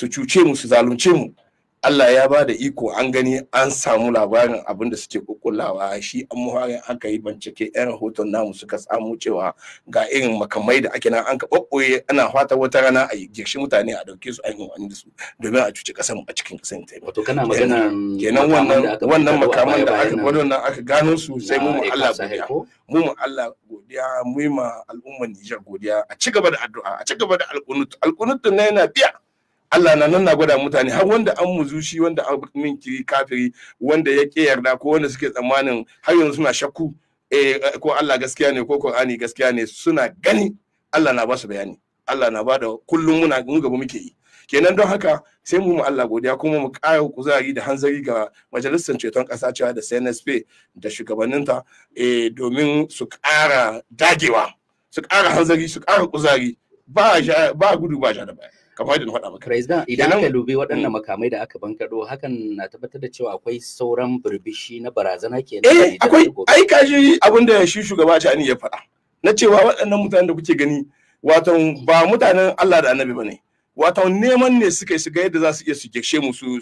su cuce mu su zalunce mu Allah ya ba da iko an gani an samu labarin abin da suke kukullawa shi an muharin aka yi bincike yan rahoton namu suka samu cewa ga irin makamai da ake nan an ka kokoye ana fata wata rana a girshi mutane a ɗauke su a yi wani da su domin a cuci ƙasar a cikin ƙasar ta wato kana magana kenan wannan wannan makaman da aka wannan aka gano su sai mu mu Allah godiya mu mu Allah godiya mu ma al'ummar Niger godiya a ci gaba da addu'a a ci gaba da alƙunut alƙunut na yana biya Allah na nan na gwada mutane har wanda an muzushi wanda an min kiri kafiri wanda ya ƙi yarda ko wanda suke tsammanin har yanzu suna shakku eh, eh, ko Allah gaskiya ne ko Qur'ani gaskiya ne suna gani Allah na ba su bayani Allah na ba da kullum muna mun gaba muke yi kenan don haka sai mu mu Allah godiya kuma mu ƙara kuzari da hanzari ga majalisar ceton ƙasa cewa da CNSP da shugabanninta eh, domin su ƙara dagewa su ƙara hanzari su ƙara kuzari ba gudu ba ja da baya kamar yadda na faɗa maka president idan aka dubi waɗannan mm. makamai da aka bankado hakan na tabbatar da cewa akwai sauran burbishi na barazana kenan eh akwai ai kaji abin da shi shugaba Tani ya faɗa na cewa waɗannan mutanen da kuke gani wato ba mutanen Allah da Annabi bane wato neman ne suka yi su ga yadda za su iya su geshe mu su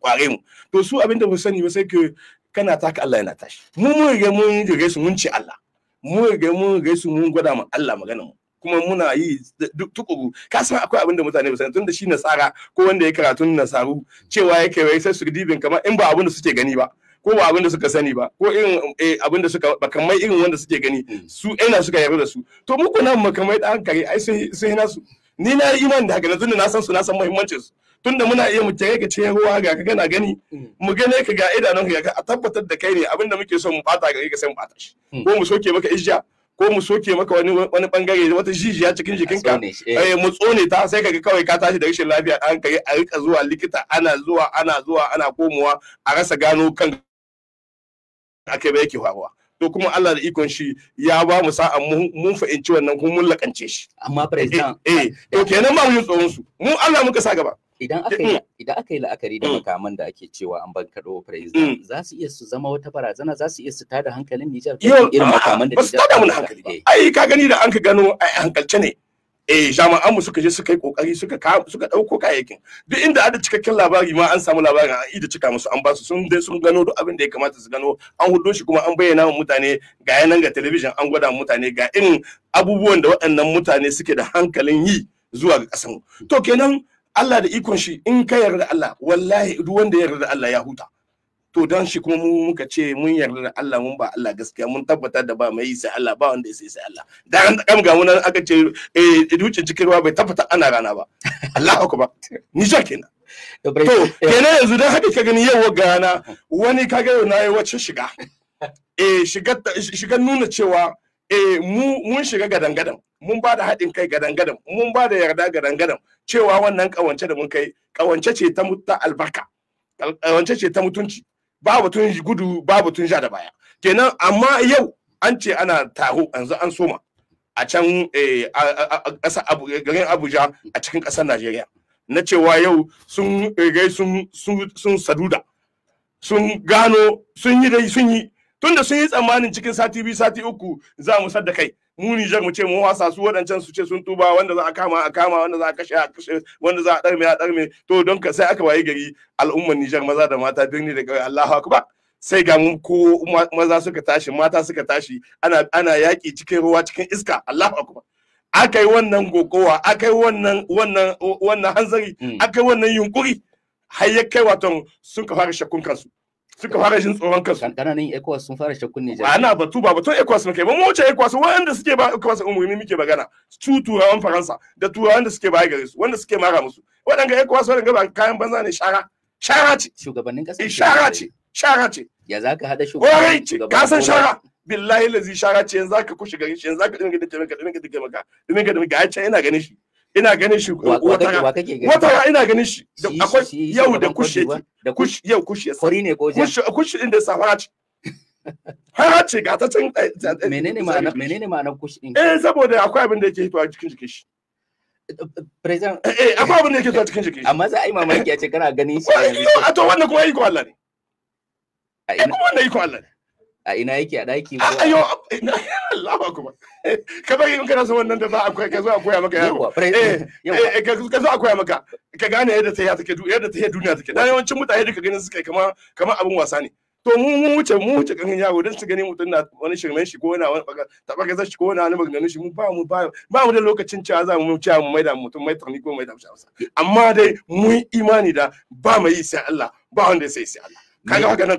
kware mu to su abin da ba sani ba sai ke kana taka Allah yana tashi mu mun riga mun riga su mun ce Allah mu riga mun riga su mun gwada ma Allah magana mu kuma muna yi duk tukuru ka san akwai abin da mutane ba tun da shi nasara ko wanda ya karatun nasaru cewa yake wai sai su dibin kamar in ba abin da suke gani ba ko ba abin da suka sani ba ko irin eh, abin da suka makamai irin wanda suke gani hmm. su ina suka yarda da su to muku nan makamai da hankali ai sai na su ni na yi imani da haka tunda na san su na san muhimmancin su tunda muna iya mu kire ka ce ruwa ga ka gana gani hmm. mu gane ka ga idanun ka a tabbatar da kai ne abin da muke so mu bata gari ka sai mu bata shi hmm. ko mu soke maka ishiya. ko mu soke maka wani wani bangare wata jijiya cikin jikinka eh. eh mu tsone ta sai kaga kawai ka tashi da rashin lafiya ka kai a rika zuwa likita ana zuwa ana zuwa ana komowa a rasa gano kan akai ba yake faruwa to kuma Allah da ikon shi ya ba mu sa'a mun fahimci wannan kuma mun lakance shi amma president eh, eh to kenan ba mu yi tsoron su mu Allah muka sa gaba idan aka yi idan aka yi la'akari da mm. makaman da ake cewa an bankaɗo president mm. za su iya su zama wata barazana za su iya su tada hankalin Nijar irin makaman da Nijar su tada mun hankali ai ka gani da an ka gano ai hankalce ne eh jama'an mu suka je suka yi kokari suka suka dauko kayayyakin duk inda ada cikakken labari ma an samu labarin an ida cika musu an ba su sun dai sun gano duk abin da ya kamata su gano an hudo shi kuma an bayyana wa mutane ga yanan ga talabijin an gwada mutane ga irin abubuwan da waɗannan mutane suke da hankalin yi zuwa ga kasan to kenan Allah da ikon shi in ka yarda Allah wallahi duk wanda ya yarda Allah ya huta to dan shi kuma mu muka ce mun yarda da Allah mun ba Allah gaskiya mun tabbatar da ba mai sai Allah ba wanda sai sai Allah da an kam ga mun aka ce eh dukin cikin ruwa bai tabbata ana rana ba Allahu akbar ni sha kenan to kenan yanzu dan haka ka gani yau ga rana wani kaga yau nayi wacce shiga eh shigar nuna cewa eh mun shiga gadan mun bada da haɗin kai gadan mun bada yarda gadan cewa wannan kawance da mun kai kawance ce ta mutta albarka kawance ce ta mutunci ba batun gudu ba batun ja da baya kenan amma yau an ce ana taho yanzu an soma a can eh, garin abuja a cikin ƙasar najeriya na cewa yau sun eh, sun saduda sun gano dai sun yi tunda sun yi tsammanin cikin sati biyu sati uku za mu sadda kai mu Nijar mu ce mu wasa su waɗancan su ce sun tuba wanda za a kama a kama wanda za a kashe a kashe wanda za a ɗarme a ɗarme to don ka sai aka waye gari al'ummar Niger maza da mata birni da ƙauye Allahu akbar sai ga mun ko maza suka tashi mata suka tashi ana ana yaƙi cikin ruwa cikin iska Allahu akbar akai wannan gogowa akai wannan wannan wannan hanzari mm. akai wannan yunkuri har ya kai waton sun ka fara shakkun kansu suka fara jin tsoron kansu Kankananin ECOWAS sun fara shakkun ne ana batu ba batun ECOWAS muke ba mu wuce ECOWAS waɗanda suke ba ECOWAS umurni muke magana su turawan Faransa da turawan da suke baya gare su wanda suke mara musu waɗanda ECOWAS waɗanda ba kayan banza ne shara shara ce shugabannin ƙasa eh, shara ce shara ce ya za ka haɗa shugabannin ƙasa ka san shara billahi lazi shara ce yanzu zaka kushi gari shi yanzu zaka dinga dinga dinga dinga dinga dinga dinga dinga dinga dinga dinga dinga dinga dinga ina ganin shi wata ina ganin shi akwai yau da kushi yake kushi yau kushi ya fari ne ko kushi kushi din da safara ce har ce ga ta can eh, menene ma'ana menene ma'ana kushi din eh saboda akwai abin da yake fitowa cikin jikin shi president eh, eh akwai abin da yake fitowa cikin jikin shi amma za a yi mamaki a ce kana ganin shi a to wannan kuma iko Allah ne eh kuma wannan iko Allah ne a ina yake a daki ko ayo Allahu akbar ka bari in kana son wannan da ba akwai ka zo a koya maka yaro eh, eh eh ka zo a koya maka ka gane yadda ta take yadda ta duniya take dan yawancin mutane duka ganin suka kama kamar abin wasa ne to mu mu wuce mu wuce kan yaro dan su gani mutun na wani shirmen shi ko yana wani taba gazar shi ko yana wani maganganun shi mu ba mu ba ba mu da lokacin cewa za mu cewa mu maida mutum mai tarni ko da mu amma dai mun imani da ba mai yi sai Allah ba wanda sai sai Allah kaga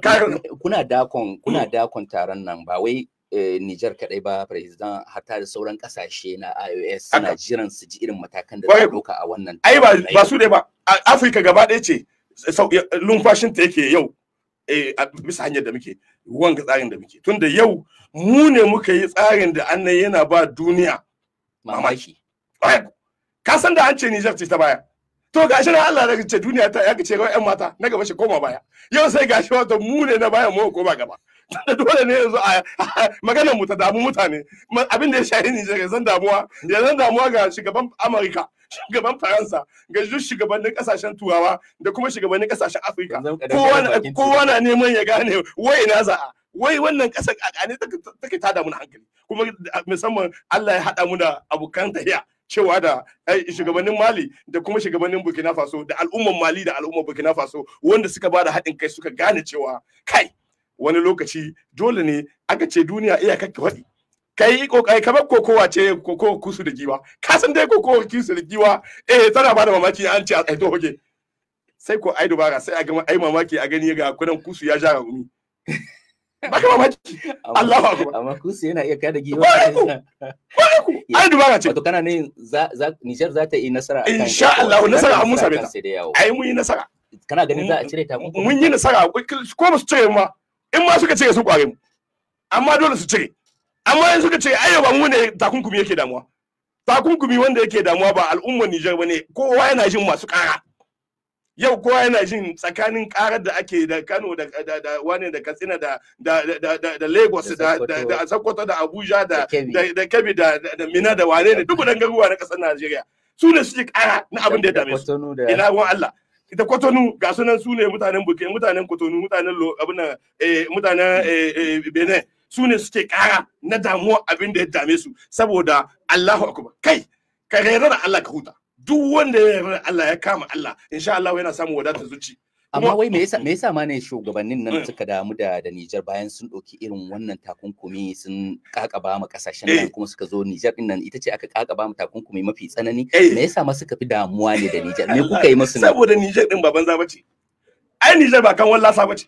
kuna dakon kuna dakon taron nan ba wai eh, Nijar kadai ba president hatta da sauran kasashe na IOS suna jiran su ji irin matakan da za doka a wannan ai ba ba su dai ba Africa gaba ɗaya ce lumfashin ta yake yau eh, bisa hanyar da muke wanga tsarin da muke tunda yau mu ne muka yi tsarin da annan yana ba duniya mamaki ka san da an ce Niger ce ta baya to gashi na Allah daga ce duniya ta ya ce ga mata na gaba shi koma baya yau sai gashi wato mu ne na baya mu koma gaba dole ne yanzu a maganar mu ta damu mutane abin da ya shahi ni daga zan damuwa ya zan damuwa ga shugaban Amurka shugaban Faransa ga duk shugabannin kasashen Turawa da kuma shugabannin kasashen Afirka kowa na neman ya gane wai ina za'a wai wannan kasar a ne take ta damu na hankali kuma musamman Allah ya haɗa mu da abokan tahiya cewa da eh, shugabannin mali da kuma shugabannin burkina faso da al'umman mali da al'umman burkina faso wanda suka ba da haɗin kai suka gane cewa kai wani lokaci dole ne aka ce duniya iya iyakarka faɗi kai kokai kamar kokowa ce kokowa kusu da giwa ka san dai kokowa kusu da giwa eh tana ba da mamaki an ce a tsaito hoge sai ko ai dubara sai a ga ai mamaki a gani ga kudan kusu ya ja gumi baka mamaki Allahu akbar amma kusa yana iya kada giwa ai dubara ce to kana ne Niger za ta yi nasara akan insha Allah nasara an mun same ta ai mun yi nasara kana ganin za a cire ta mun yi nasara ko ba su cire ma in ma suka cire su kware mu amma dole su cire amma in suka ce ai ba mu ne takunkumi yake damuwa takunkumi wanda yake damuwa ba al'ummar Niger bane kowa yana jin masu kara yau kowa yana jin tsakanin karar da ake da Kano da da wani da Katsina da da da Lagos da da Sokoto da Abuja da da Kebbi da da Mina da wane ne duk dan na kasar Najeriya su ne suke kara na abin da ya dame su ina ruwan Allah ita Kotonu ga sunan su ne mutanen Buke mutanen Kotonu mutanen lo abin eh, mutanen eh, eh, Benin su ne suke kara na damuwa abin da ya dame su saboda Allahu akbar kai ka rera da Allah ka huta duk wanda ya yarda Allah ya kama Allah insha Allah yana samun wadatar zuci amma wai me yasa me yasa ma ne shugabannin nan mm. suka damu da da Niger bayan sun ɗauki irin wannan takunkumi sun kakaba ma kasashen nan eh. kuma suka zo Niger din nan ita ce aka kakaba ma takunkumi mafi tsanani eh. me yasa ma suka fi damuwa ne da Niger me kuka yi musu saboda Niger din baban za bace ai Niger ba kan wallasa bace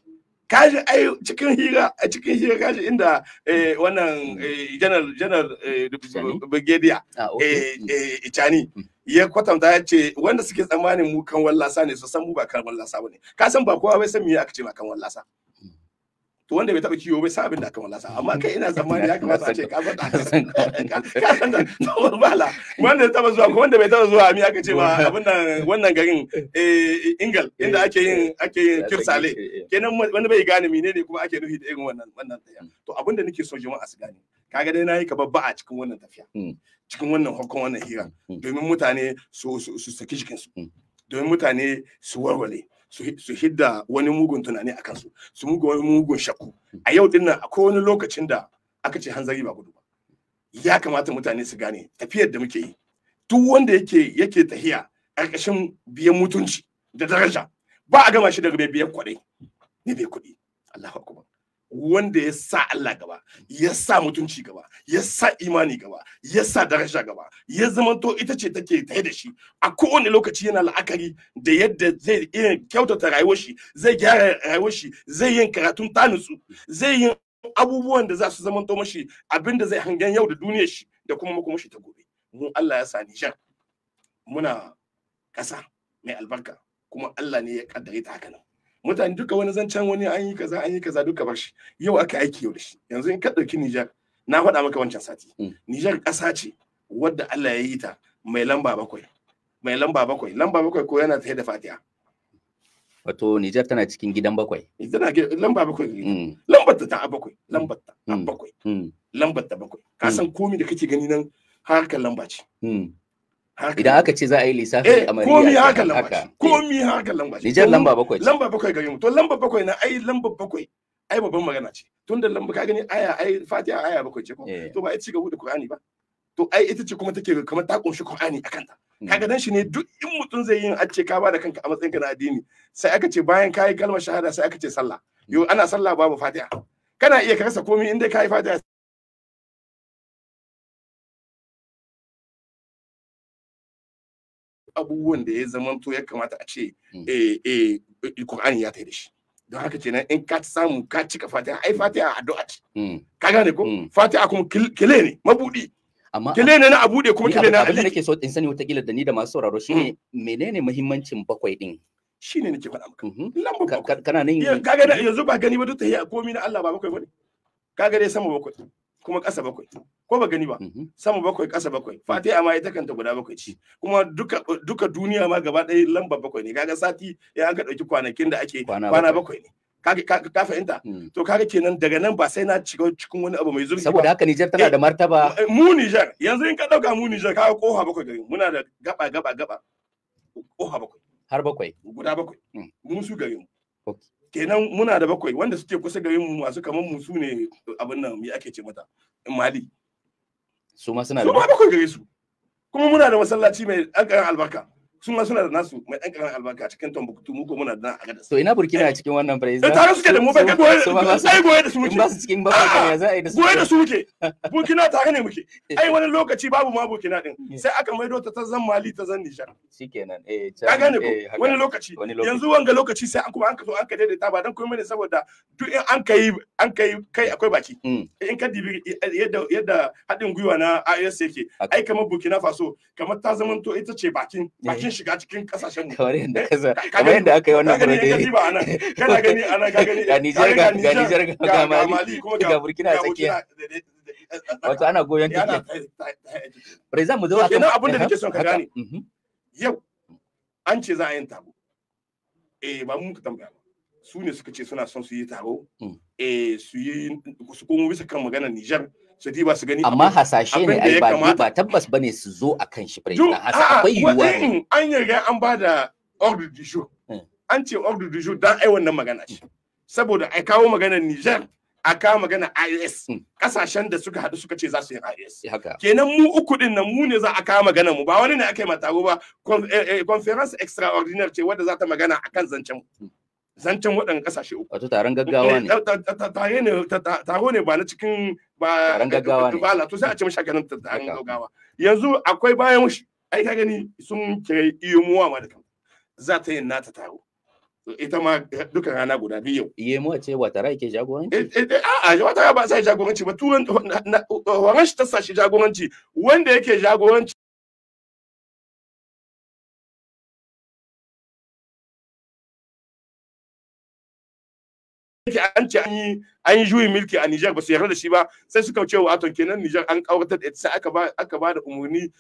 kaji ai cikin hira a cikin hira kaji inda eh, wannan eh, janar janar eh, brigadier ah, hmm. hmm. ya kwatanta ya ce wanda suke tsammanin mu kan wallasa ne su san mu ba kan wallasa bane ka san ba kowa bai san me aka ce ba kan wallasa hmm. to wanda bai taɓa kiwo bai sa abin da aka wallasa amma kai ina zamani ya kamata a ce ka faɗa ka san da wala wanda ya taɓa zuwa ko wanda bai taɓa zuwa mi aka ce ma abin nan wannan garin eh, ingal inda ake yin ake yin kirsale eh. kenan wanda bai gane menene kuma ake nufi da irin wannan wannan to abin da nake so jama'a su gane kaga dai nayi ka babba a cikin wannan tafiya hmm. cikin wannan hukun wannan hira hmm. domin mutane su saki jikinsu hmm. domin mutane su warware su hidda wani mugun tunani a kansu su mugu wani mugun shakku a yau din nan akwai wani lokacin da aka ce hanzari ba gudu ba ya kamata mutane su gane tafiyar da muke yi duk wanda yake yake tahiya ƙarƙashin biyan mutunci da daraja ba a gama shi daga mai biyan kwaɗai ne bai kuɗi Allahu akbar wanda ya sa Allah gaba ya sa mutunci gaba ya sa imani gaba ya sa daraja gaba ya zamanto ita ce take ta da shi a kowane lokaci yana la'akari da yadda zai iya kyautata rayuwar shi zai gyara rayuwar shi zai yin karatun tanutsu zai yin abubuwan da za su zamanto mashi abinda zai hangen yau da duniyar shi da kuma shi ta gobe mun Allah ya sa Nijar muna kasa mai albarka kuma Allah ne ya kaddare ta haka nan mutane duka wani zancen wani an yi kaza an yi kaza duka bar shi yau aka aiki yau da shi yanzu in ka ɗauki Nijar na faɗa maka wancan sati hmm. Nijar ƙasa ce wadda Allah ya yi ta mai lamba bakwai mai lamba bakwai lamba bakwai ko yana tsaye da fatiha wato Nijar tana cikin gidan bakwai tana lamba bakwai hmm. lambar ta bakwai hmm. lambar ta bakwai lambar ta bakwai ka san komai da kake gani nan harkar lamba ce idan aka ce za a yi lissafin eh, amaliya komi haka lamba komi haka lamba Nijar lamba bakwai lamba bakwai gare to lamba bakwai na ai lamba bakwai ai babban magana ce tun da lamba ka gani aya ai fatiha aya bakwai ce ko eh. to ba ai ci gaba da qur'ani ba to ai ita ce kuma take kamar ta kunshi qur'ani akan ta kaga dan shi ne duk in mutum zai yin ce ka bada kanka a matsayinka na addini sai aka ce bayan kai kalmar shahada sai aka ce sallah hmm. yo ana sallah babu fatiha kana iya ka rasa komai in dai kayi fatiha abubuwan da ya zama to ya kamata a ce Kur'ani hmm. eh, eh, eh, Qur'ani ya tai da shi don haka kenan in ka samu ka cika fatiha ai fatiha addu'a ce hmm. ka gane ko hmm. fatiha kuma kile ne mabudi amma kile ne na abude kuma kile ne na abin da nake so in sani wata kila da ni da masu sauraro shi ne menene muhimmancin bakwai din Shi ne nake faɗa maka mhm. bakwai. kana nan yanzu ba gani ba duk ta yi komi na Allah ba bakwai bane Ka gare sama bakwai kuma ƙasa bakwai ko ba gani ba mhm. sama bakwai ƙasa bakwai fatiha ma ita kanta guda bakwai ci kuma duka duka duniya ma gaba ɗaya lamba bakwai ne kaga sati ya aka ɗauki kwanakin da ake kwana bakwai ne ka fahimta hmm. to kaga kenan daga nan ba sai na shiga cikin wani abu mai zurfi saboda haka Nijar tana da eh, martaba eh, mu Nijar yanzu in ka dauka mu Nijar kaga koha bakwai gari muna da gaba gaba gaba koha bakwai har bakwai guda bakwai hmm. mu su gari mu kenan muna da bakwai wanda suke kusa gare mu masu kamar mu su ne abin nan me ake ce mata mali su ma suna da bakwai gare su kuma muna da masallaci mai alƙaran albarka su ma suna da nasu mai ɗan ƙaramin albarka a cikin Tombuktu mu ko muna da a gada. To ina Burkina eh, a cikin wannan bai Da tare suke da mu bai kai goye ai goye da su muke. Ba su cikin ah, ba ya za a yi da su. Goye da su muke. Burkina tare ne muke. Eh. Ai wani lokaci babu ma Burkina din. Sai aka maido ta ta zan Mali ta zan Nijar. Shikenan eh. Ka gane ko eh, wani lokaci. Yanzu wanga lokaci sai an kuma an ka zo an ka daidaita ba dan komai ne saboda duk in an kai an kai kai akwai baki. Mm. In ka dibi yadda yadda haɗin gwiwa na IS yake. Ai kamar Burkina Faso kamar ta zamanto ita ce bakin bakin sun shiga cikin kasashen mu kamar yadda eh, kasa kamar yadda aka yi wannan burodi ba anan kana gani ana ga gani ga Niger ga Niger ga ga Mali ko ga Burkina tsakiya wato ana goyon take Reza mu zo akan kenan abin da nake son ka gane mhm. yau an ce za a yin taro eh ba mu ka tambaya su ne suka ce suna son su yi taro mm. eh su yi su komo bisa kan magana Niger su ba su gani amma hasashe ne ai ba ba tabbas bane su zo akan shi bai hasa akwai yiwuwa ne an yi an ba da du jour an ce ordre du jour dan ai wannan magana shi saboda ai kawo magana Niger a kawo magana IS kasashen da suka hadu suka ce za su yi IS kenan mu uku din nan mu ne za a kawo magana mu ba wani ne aka yi mataro ba conference extraordinaire ce wadda za ta magana akan zancen mu zancen waɗannan kasashe uku wato taron gaggawa ne taro ne ba na cikin ba gaggawa ne ba la to sai a ce mashi ganin taron gaggawa yanzu akwai bayan shi ai ka gani sun kire iyomuwa ma da za ta yin nata taro ita ma dukan rana guda biyu yau iyomuwa ce wata rai ke jagoranci a a wata ba sai jagoranci ba turan horon shi ta sashi jagoranci wanda yake jagoranci yake an ce an yi an yi juyin mulki a Niger ba su yarda da shi ba sai suka ce wa aton kenan Niger an kauratar da sai aka ba aka ba da umurni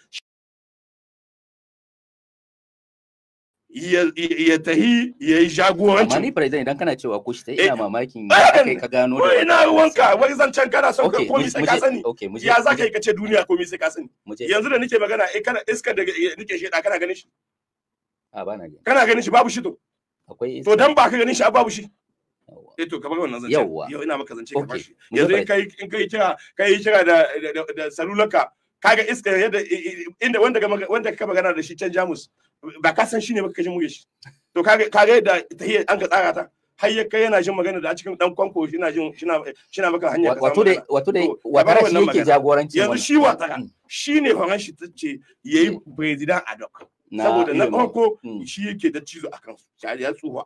ya tahi ya yi jagoranci. Amma ni president idan kana cewa ko shi ta eh, ina mamakin ya kai ka gano da. Ina ruwanka wai zancen kana son ka komi sai ka sani. Ya za ka yi ka ce duniya komi sai ka sani. Yanzu da nake magana eh kana iskar da nake sheda kana ganin shi. A bana gani. Kana ganin shi babu shi to. Akwai iska. To dan ba ka ganin shi babu shi. eh to kamar wannan zance yau ina maka zance kamar shi yanzu in kai in kai kira kai kira da da salulaka kaga iska yadda inda wanda wanda ka magana da shi can Jamus ba ka san shine baka ji muge shi to kaga kaga yadda tahiyya an ka tsara ta har ya kai yana jin magana da a cikin dan kwanko shina jin shina shina maka hanya ka wato dai wato dai watara shi yake jagoranci yanzu shi watara mm. shine horon shi tace yayi president ad hoc saboda na farko mm. shi yake da cizo akan su ya tsuwa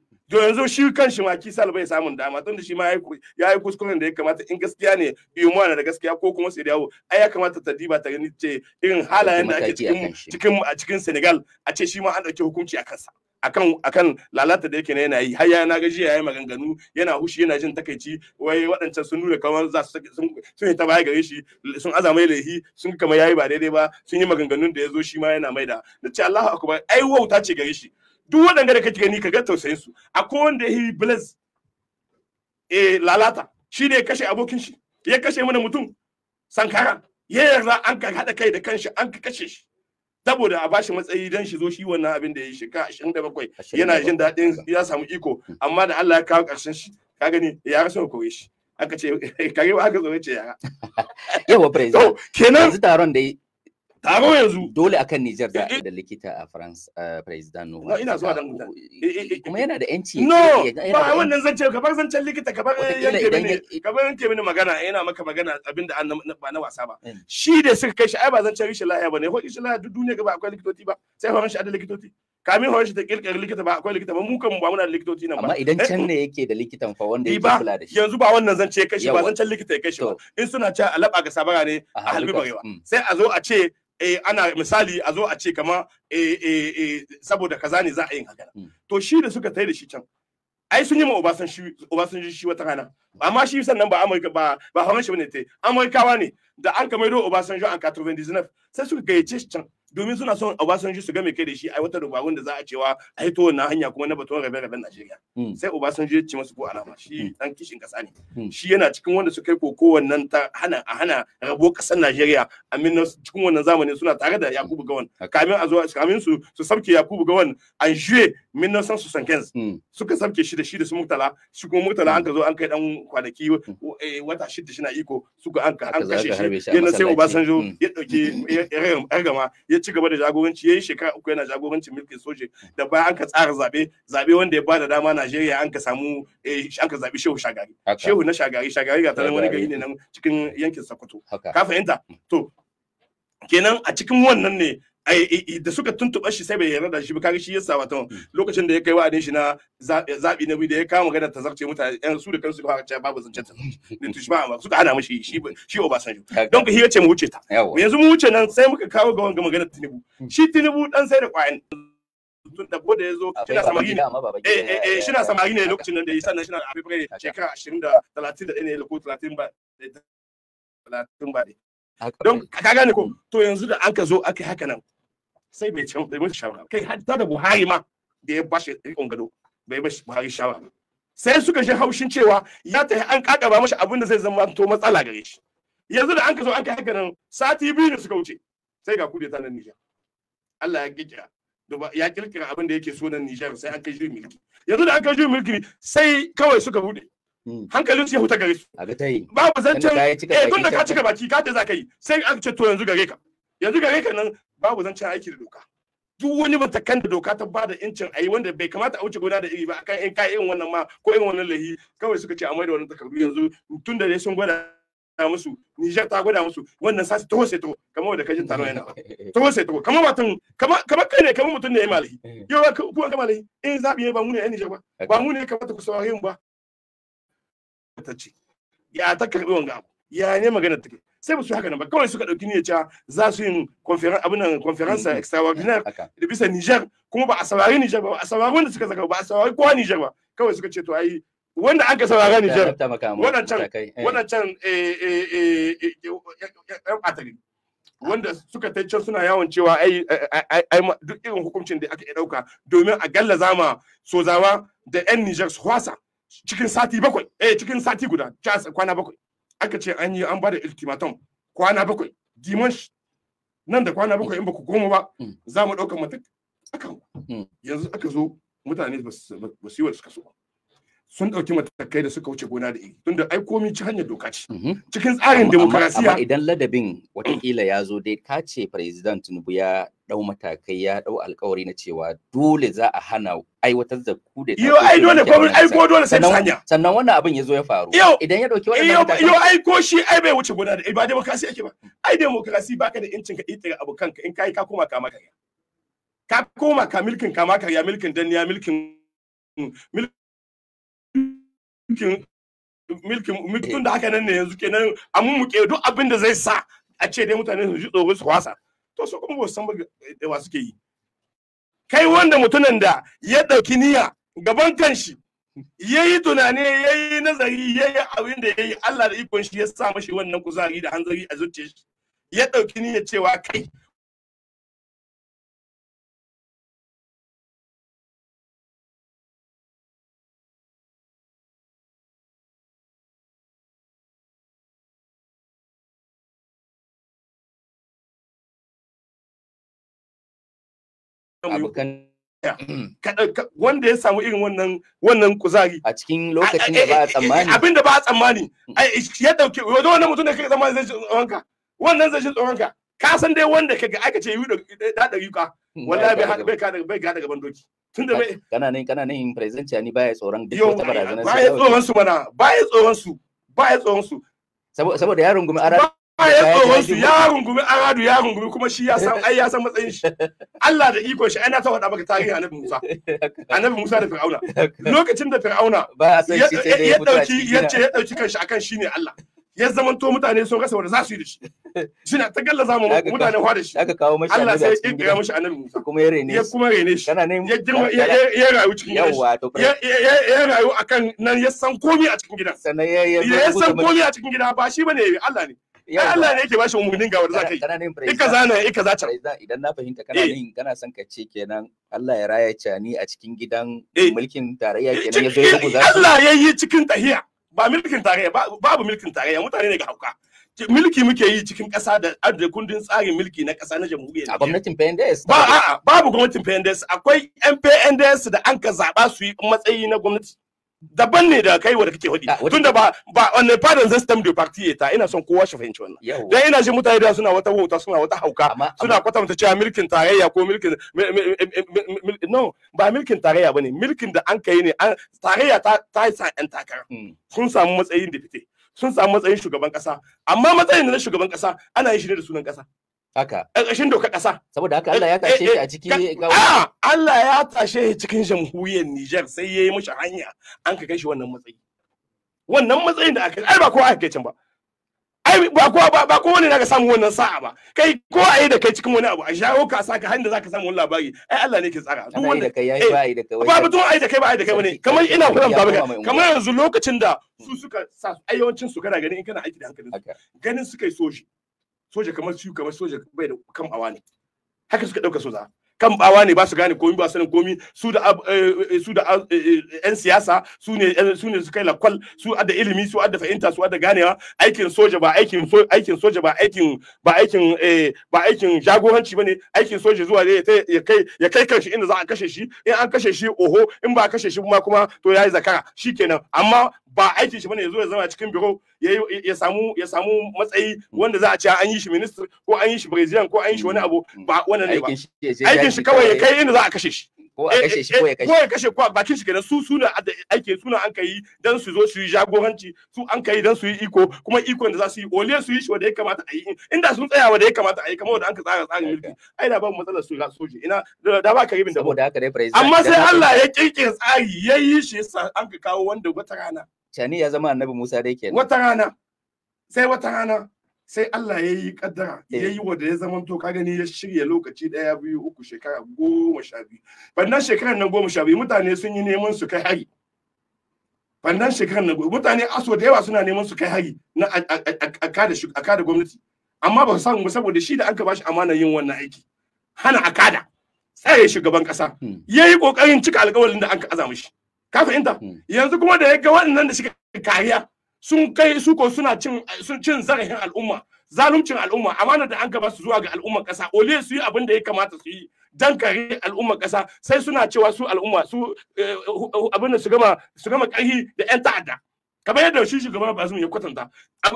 to yanzu shi kan shi ma kisal bai samun dama tun da shi ma ya yi kuskuren da ya kamata in gaskiya ne imuwa da gaskiya ko kuma sai dawo ai ya kamata ta diba ta gani ce irin halayen da ake cikin a cikin Senegal a ce shi ma an dauki hukunci a kansa akan akan lalata da yake yana yi har ya na gaji yayi maganganu yana hushi yana jin takaici wai waɗancan sun nuna kamar za su sun ta baya gare shi sun azamai lahi. sun kamar yayi ba daidai ba sun yi maganganun da ya zo shi ma yana maida da ce Allahu akbar ai wauta ce gare shi duk waɗanda da kake gani ka ga tausayin su akwai wanda yi blaz eh lalata shi ne ya kashe abokin shi ya kashe mana mutum sankara ya yarda an ka haɗa kai da kanshi an ka kashe shi saboda a bashi matsayi dan shi zo shi wannan abin da ya yi ka ashirin da bakwai yana jin daɗin ya samu iko hmm. amma da Allah ya kawo ƙarshen shi ka gani ya rasa kore shi aka ce kare aka zo ya ce yara yawa president kenan taron da taro yanzu dole akan Niger za eh, eh. da likita a France president no ina zuwa dan eh, kuma yana da yanci no ba wannan zance ka bar zancen likita ka bar yanke mini ka bar yanke mini magana yana maka magana abinda an ba na wasa ba shi da suka kai shi ai ba zancen rishin lafiya bane ko rishin lafiya duk duniya gaba akwai likitoci ba sai horon shi da likitoci kamin horon shi da kirkiri likita ba akwai likita ba mu kan ba muna da likitoci nan ba amma idan can ne yake da likitan fa wanda yake kula da shi yanzu ba wannan zance ya kashi ba zancen likita ya kashi ba in suna cewa alaba ga sabara ne a halbi barewa mm. sai a zo a ce Eh, ana misali a zo a ce kama eh, eh, eh, saboda kaza ne za a yin haka hmm. to shi da suka tai da shi can ai sun yi ma obasanji shi wata rana amma shi sannan ba amurka ba ba faransa ta yi. amurkawa ne da an kamar do obasanjo an zinaf sai suka gayyace shi can domin suna son Obasanjo su game kai da shi ai wata dubarun da za a cewa a hito wannan hanya kuma na batun rabe raben Najeriya hmm. sai Obasanjo ya ci masu ko alama shi hmm. dan kishin kasa ne hmm. shi yana cikin wanda su kai koko wannan ta hana a hana rabo kasar Najeriya a cikin wannan zamanin suna tare da Yakubu Gawan kamin a zo kamin su su sabke Yakubu Gawan an juye 1975 suka sabke shi da shi da su Murtala shi kuma Murtala an ka zo an kai dan kwanaki eh, wata shida shi na iko suka an kashe shi yana sai Obasanjo ya dauki ragama ya ya ci gaba da jagoranci yayin shekara uku yana jagorancin mulkin soje da bayan an ka tsara zabe zabe wanda ya bada dama Najeriya an ka samu eh, an ka zabi Shehu Shagari Shehu na Shagari Shagari ga tanan wani gari ne nan cikin yankin Sokoto ka fahimta to kenan a cikin wannan ne da suka tuntuɓa shi sai bai yarda da shi ba kaga shi yasa wato hmm. lokacin da ya kai wa'adin shi na zabi na biyu da ya kama magana ta zarce mutane yan su da kansu ba ta babu zance ta ne shi ba suka hana mishi shi shi Obasanjo don ku hiyace mu wuce ta yanzu mu wuce nan sai muka kawo ga wanga magana Tinubu hmm. shi Tinubu dan sai da kwayan tun da bude ya zo samari ne eh, eh eh na samari ne lokacin nan da yi shi na a fefere shekara 20 da da ne ko 30 ba 30 ba don ka gane ko hmm. to yanzu da an ka zo aka haka nan sai bai bai bai shawara kai hatta da Buhari ma da ya bashi rikon gado bai bashi Buhari shawara sai suka ji haushin cewa ya ta an kakaba mashi abin da zai zama to matsala gare shi yanzu da an ka zo an kai haka nan sati biyu ne suka wuce sai ga kudeta nan Nijar Allah ya kikira ya kirkira abin da yake sunan nan Nijar sai an kai shi mulki yanzu da an kai shi mulki sai kawai suka bude hmm. hankalin su ya huta gare su babu zancen eh tun da ka cika baki ka ta za ka yi sai an ce to yanzu gare ka yanzu gare ka nan babu zancen aiki da doka duk wani bata kan da doka ta bada incin ayi wanda bai kamata a wuce gona da iri ba akan in ka irin wannan ma ko irin wannan lahi kawai suka ce a mai da wannan takardu yanzu tun da sun gwada musu Niger ta gwada musu wannan sasi to sai to kamar da kajin taro yana to sai to kamar batun kamar kai ne kamar mutum ne ya malahi eh. yau ku ga malahi in zabi ba mu ne yan Niger ba ba mu ne kamata ku saurari mu ba ta ce ya ta karbi wanga ya ne magana take sai ba su haka nan ba kawai suka dauki niyyar cewa za su yin conference abin conference mm-hmm. extraordinaire da bisa Niger kuma ba a saurari Niger ba a saurari wanda suka zaka ba a saurari kowa Niger ba kawai suka ce to ai wanda aka saurara Niger wadancan eh. wadancan eh eh eh, eh, eh wanda suka ta can suna yawon cewa ai ai duk irin hukuncin da aka dauka domin a galla zama sozawa da yan Niger su hwasa cikin sati bakwai eh cikin sati guda kwana bakwai aka ce an yi an ba da ultimatum kwana bakwai dimanshi nan da kwana bakwai in ba ku goma ba hmm. za mu ɗaukar matakan hmm. yanzu aka zo mutane ba su yi wa suka so sun ɗauki matakai da suka wuce gona da iri tunda ai komi ci hanyar doka ce mhm. cikin tsarin demokarasiya amma idan ladabin watakila ya zo dai ka ce president tinubu ya ɗau matakai ya ɗau alkawari na cewa dole za a hana aiwatar da ku da yau ai dole gwamnati ai ko dole sai sanya. sannan wannan abin ya zo ya faru idan ya ɗauki wannan matakai yau ai ko shi ai bai wuce gona da ba demokarasi ake ba ai demokarasi baka da incin ka itira abu kanka in kai ka koma kama karya ka koma ka milkin kama karya milkin danniya milkin milkin milkin milkin da haka nan ne yanzu kenan a mummuke duk abin da zai sa a ce dai mutane su ji tsoro su wasa to su kuma ba san ba suke yi kai wanda mutumin da ya ɗauki niyya gaban kanshi ya yi tunani ya yi nazari ya yi abin da ya yi Allah da ikon shi ya sa mashi wannan kuzari da hanzari a zuciya shi ya ɗauki niyya cewa kai wanda ya samu irin wannan wannan kuzari a cikin lokacin da ba a tsammani abin da ba a tsammani mm. ya dauke wannan mutum da kake tsammani zai ji tsoronka wannan zai ji tsoronka ka san dai wanda ka ga aka ce yi da ɗari mm, ka wallahi bai bai ka daga bai ga daga bandoki tunda bai kana nan kana nan present ya baya tsoron duk wata barazana baya tsoron su mana baya tsoron su baya tsoron su saboda yaron gumi ara ya tsohon su ya rungumi aradu ya rungumi kuma shi ya san ai ya san matsayin shi Allah da iko shi ai na ta faɗa maka tarihi annabi Musa annabi Musa da Fir'auna lokacin da Fir'auna ya dauki ya ce ya dauki kanshi akan ne Allah ya zamanto mutane sun rasa wanda za su yi da shi shine ta galla zamu mutane hwa da shi aka kawo mashi Allah sai ya kirkira mashi annabi Musa kuma ya rene ya kuma rene shi kana ne ya girma ya rayu cikin gida to ya ya rayu akan nan ya san komai a cikin gida. sannan ya ya san komai a cikin gida ba shi bane Allah ne ai Allah ne yake bashi umurnin ga wanda zaka yi ika zana ika zaca idan na fahimta kana eh. yin kana son ka ce kenan Allah ya raya cani a cikin gidan eh. mulkin tarayya kenan ya zo ya Allah ya yi cikin tahiya ba mulkin tarayya babu mulkin tarayya mutane ne ga hauka mulki muke yi cikin ƙasa da adda kundin tsarin mulki na ƙasa na jamhuriyar a gwamnatin PNDS ba a'a babu gwamnatin PNDS akwai MPNDS da an ka zaba su yi matsayi na gwamnati daban ne da kai wanda kake hudi ah, tunda ba ba wannan fadan system de parti eta ina son kowa shi fahimci wannan dan ina ji mutane da suna wata wuta suna wata hauka suna kwatanta cewa milkin tarayya ko milkin no ba milkin tarayya bane milkin da an kai ne tarayya ta ta yi sa'an takara hmm. sun samu matsayin da fite sun samu matsayin shugaban kasa amma matsayin na shugaban kasa ana yin shi ne da sunan kasa haka ƙarƙashin doka ƙasa saboda haka Allah ya eh, tashe shi eh, a ciki ah! Allah ya tashe shi cikin jamhuriyar Niger sai ya yi mishi hanya an ka kai shi wannan matsayi wannan matsayin da aka ai ba kowa aka can ba ai ba kowa ba ba kowa ne na ka samu wannan sa'a ba kai ko ai da kai cikin wani abu a shawo ka saka hanyar da zaka samu wannan labari ai Allah ne ke tsara duk wanda kai yayi ba ai da kai ba mutum ai da kai ba ai da kai wani. kamar ina kuran babu kamar yanzu lokacin da su suka sa ayyawancin su kana ganin in kana aiki da hankalin ganin suka yi soji soja kamar su kamar soja bai da kan bawa ne haka suka dauka soja kan bawa ne ba su gane komi ba sanin komi su da eh, eh, su da yan eh, siyasa su ne su ne su kai lakwal su adda ilimi su adda fahimta su adda ganewa aikin soja ba aikin aikin soja ba aikin ba aikin ba aikin jagoranci bane aikin soja zuwa ne ya kai ya kai kanshi inda za a kashe shi in an kashe shi oho in ba a kashe shi kuma kuma to yayi zakara shikenan amma ba aikin shi bane ya zo ya zama cikin biro ya samu ya samu matsayi wanda za a ce an yi shi minister ko an yi shi president ko an yi shi wani abu ba wannan ne ba aikin shi kawai ya kai inda za a kashe shi ko a eh, kashe shi eh, ko eh, ya kashe ko ya kashe ko bakin shi kenan su suna aikin suna an kai dan su zo su yi jagoranci su an kai dan su yi iko kuma iko da za su yi ole su yi shi wanda ya kamata a yi inda sun tsaya wanda ya kamata a yi kamar wanda an ka tsara tsarin mulki ai da babu matsalar su soji ina da ba karibin da saboda haka dai president amma sai Allah ya kirkira tsari yayi shi an ka kawo wanda wata rana shani ya zama annabi Musa dai kenan wata rana sai wata rana sai Allah ya yi kaddara ya eh. yi wanda ya zama to ka gani ya shirya lokaci daya biyu uku shekara goma sha biyu bannan shekarar nan goma sha biyu mutane sun yi neman su kai hari bannan shekarar nan mutane aso da yawa suna neman su kai hari na a kada gwamnati amma ba su samu saboda shi da an ka bashi amana yin wannan aiki hana akada tsaye shugaban kasa hmm. yayi kokarin cika alƙawarin da an ka aza mishi ka fahimta hmm. yanzu kuma da ya ga waɗannan da suka kariya sun kai su ko suna cin sun cin zarafin al'umma zaluncin al'umma amana da an gaba su zuwa ga al'umma ƙasa ole su yi abin da ya kamata su yi dan kare al'umma ƙasa sai suna cewa su al'umma su eh, abin da su gama su gama ƙarfi da 'yan ta'adda kamar yadda shi shugaban bazum ya kwatanta